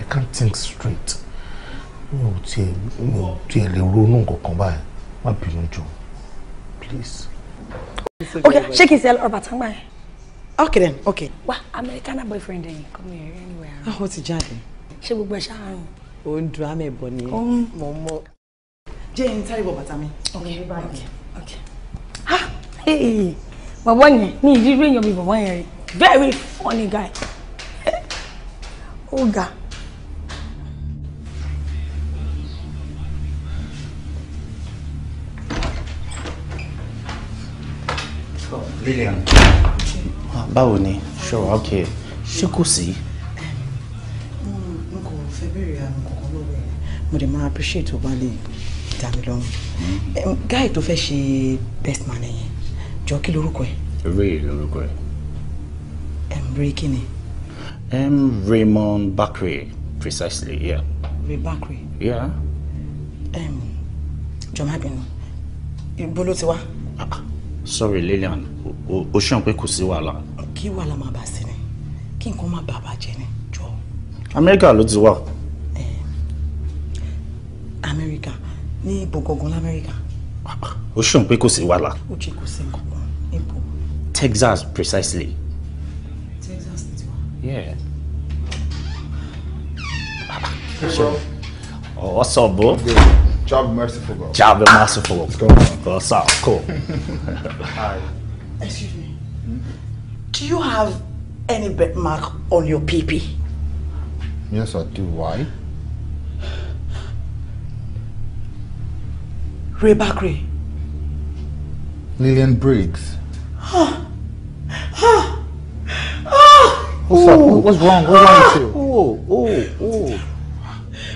i can't think straight mi ò tiẹ̀ mi ò tiẹ̀ lè ronú kankan báyìí má bínú jọ̀ọ́ please. ok ṣé kìí ṣe ẹ lọ́rọ̀ bàtà ń gbà yẹn. ok then ok. wa americana boyfriend ẹ̀yìn kọ́ mi rẹ̀ anywhere. ah o ti jáde. ṣé gbogbo ẹ̀ ṣáà rùn ó ń dúró àmì ìbọn ni mo mọ. jẹ́ ẹni sáré wọ bàtà mi. bàbá yẹn ní ìrírí èèyàn bíi bàbá yẹn rí very funny guy ó ga. Lillian. Oh, ah, báwo ni? Sure, okay. Ṣé kò sí? N kò fẹ́ bèrè àmì mo dẹ̀ máa appreciate tó bá lè dá mi lọ́rùn mm-hmm. guy to fẹ́ ṣe best man ẹ̀yẹn jọ kí lorúkọ ẹ̀. ray lorúkọ ẹ̀. ray kí ni. Raymond Bakre, precisely yeah. ray Bakre. yeah. jọ má bínú ibo ló ti wá. Ah, sorry Lillian o ṣàn pé kò sí wàhálà. kí wàhálà máa bá sí ni kí nǹkan má bàa bàjẹ́ ni jọ. Amẹ́ríkà ló ti wà. Wow. America. ní ibo gangan lamẹ́ríkà. ó ṣùn pé kò sí wàhálà. ó ṣe kò sí nǹkan kan ibo. texas precisely. texas ni tiwa. yeah. Oh, what's up, bro? Job merciful, bro. Job merciful. Let's go. What's up? Cool. Hi. Excuse me. Hmm? Do you have any bed mark on your PP? Yes, I do. Why? Ray Bakri. Lillian Briggs. Ah. Ah. Ah. What's What's wrong? What's wrong with you? Oh, oh, oh.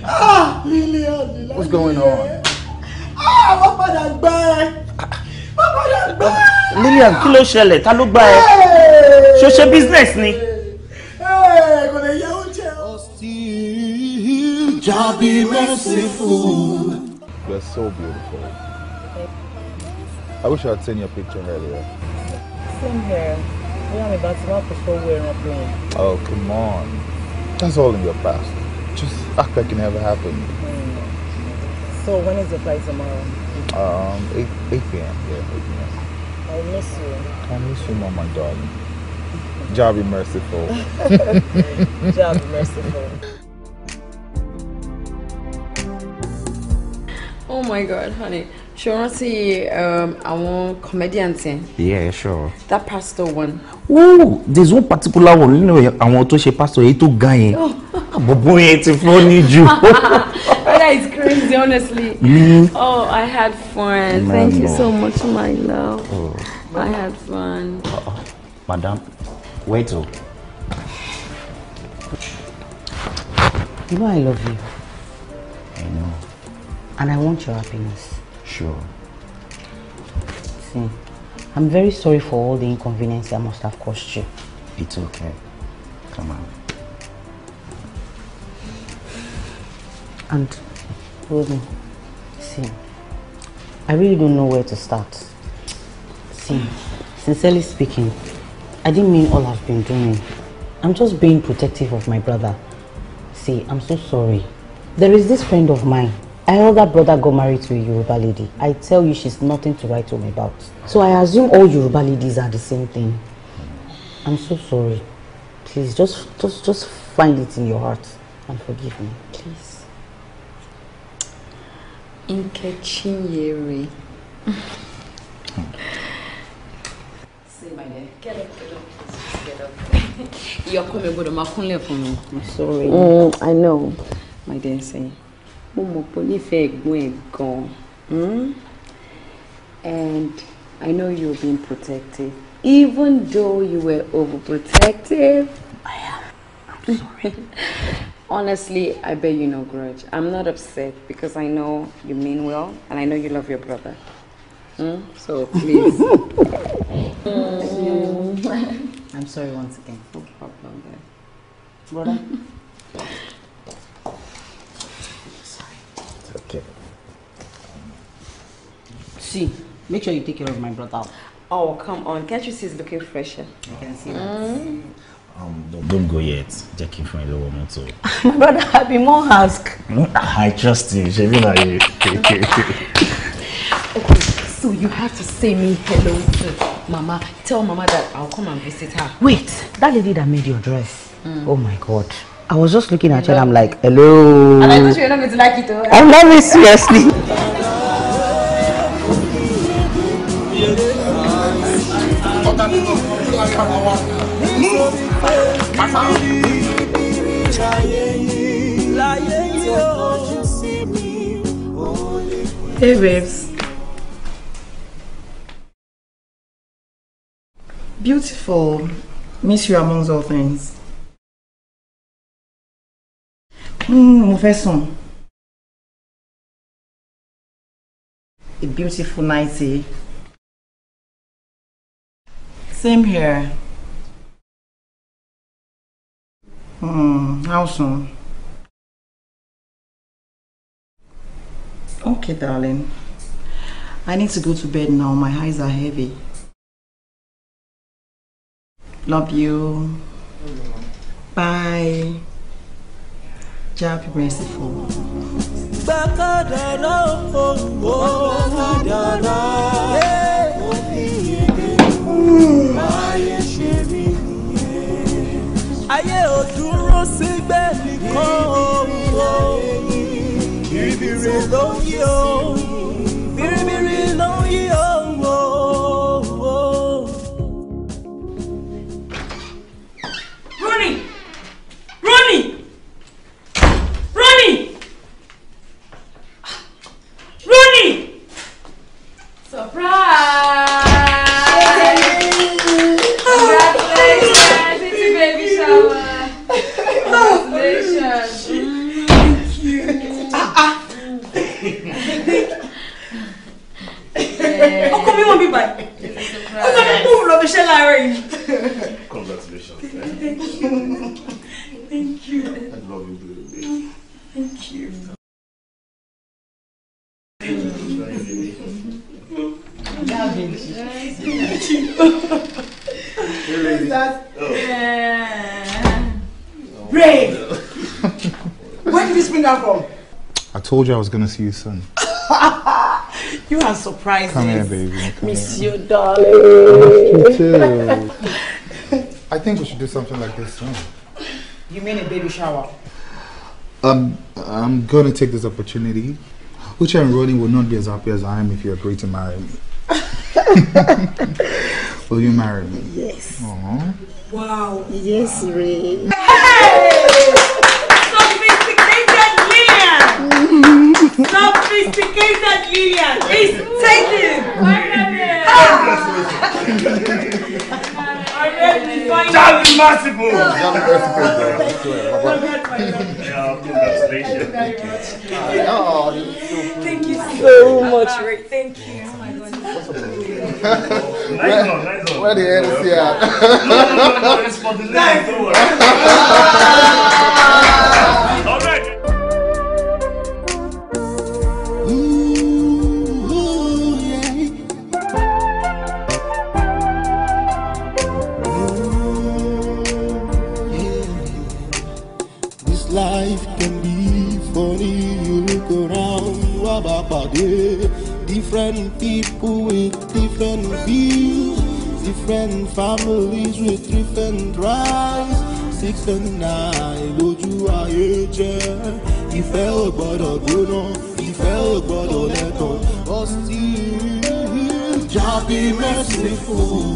Ah, Lillian. What's going on? Ah, my father died. My father died. Lillian, kill your ṣẹlẹ̀? Ta ló gbá ẹ? Ṣo ṣe business ni? Kò lè yẹ oúnjẹ Still. Just be merciful. You're so beautiful. I wish I had seen your picture earlier. Same here. We are about to walk before we're not Oh, come on. That's all in your past. Just act like it never happened. Mm. So when is the flight tomorrow? Um, 8, 8 p.m. Yeah, 8 p.m. I miss you. I miss you, Mama, darling. Job be merciful. Job be merciful. oh my god honey ṣe see rántí um, àwọn comedians yẹn. yeah sure. that pastor one. woo there's one particular one nínú àwọn tó ṣe pastor èyí tó ga yẹn àbọ̀bọ̀ oh. ah, yẹn ti fọ́ ní that is crazy honestly. Mm. oh i had fun thank you so much my love oh. i had fun. Uh -oh. madam wait o. Oh. you know i love you. i know and I want your happiness. Sure. See, I'm very sorry for all the inconvenience I must have caused you. It's okay. Come on. And, hold me. see, I really don't know where to start. See, sincerely speaking, I didn't mean all I've been doing. I'm just being protective of my brother. See, I'm so sorry. There is this friend of mine I heard that brother got married to a Yoruba lady. I tell you she's nothing to write home about. So I assume all Yoruba ladies are the same thing. I'm so sorry. Please, just, just, just find it in your heart and forgive me, please. Nkechinyere. See, my dear, get up, get up, please. get up. You're coming, but I'm sorry. Mm, I know. My dear, say. mo hmm? and I know you're being protective even though you were overprotective. I am. I'm sorry. Honestly, I bear you no grudge. I'm not upset because I know you mean well and I know you love your brother. Mm? So please. Hmm. I'm sorry once again. No problem there. Brother? see, make sure you take care of my brother. Oh, come on. Can't you see he's looking fresher? I can see mm. that. Mm. Um, no, don't go yet. Jẹ́ kí n fún ẹ lówó My brother, I be more ask. Hmm? I trust you. Shebi are you. Okay, so you have to say me hello to Mama. Tell Mama that I'll come and visit her. Wait, that lady that made your dress. Mm. Oh my God. I was just looking at hello. her and I'm like, hello. And I thought you were not going to like it though. I love it, seriously. Hey babes. Beautiful. Miss you amongst all things. Mm, mo fẹ́ A beautiful night. Eh? Same here. Hmm, how soon? Okay, darling. I need to go to bed now. My eyes are heavy. Love you. Bye. Jah be merciful. Gbàkàdàrà òkòwò kàdàrà. sígbẹ́ nìkan òun o ìrìbìrì ló ṣe láàárọ̀ yìí. congratulations. thank you thank you. i love you very thank you. Ray, oh. where did this bring that from? I told you I was going to see you soon. You have surprises. Come here, baby. Come Miss here. you, darling. Miss you too. I think we should do something like this soon. You mean a baby shower? Um, I'm gonna take this opportunity. i and Ronnie will not be as happy as I am if you agree to marry me. will you marry me? Yes. Aww. Wow. Yes, Ray. Hey! Sophisticated Lilian taking. Lillian. It's taken. Charlie Massible! Thank you so much, ah, Rick. Thank you. Oh my god. nice one, nice one. Where the hell is he at? No, no, no, it's for the ladies, don't life can be funny. You look around, you are about different people with different views, different families with different drives. Six and nine, lójú ayé jẹ́ ìfẹ́ ò gbọ́dọ̀ gbóná, ìfẹ́ ò gbọ́dọ̀ lẹ́tọ̀ọ́. But still, just be merciful.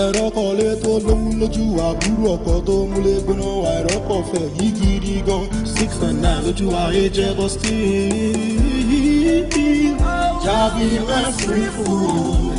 ẹ̀rọ́kọ̀ lé tó lóhun lójú àbúrò ọkọ̀ tó múlé gbóná àìrọ́kọ̀ fẹ̀ yí gidi gan six and nine lójú ayé jẹ́ bọ́ jábí mẹ́sìn fún un.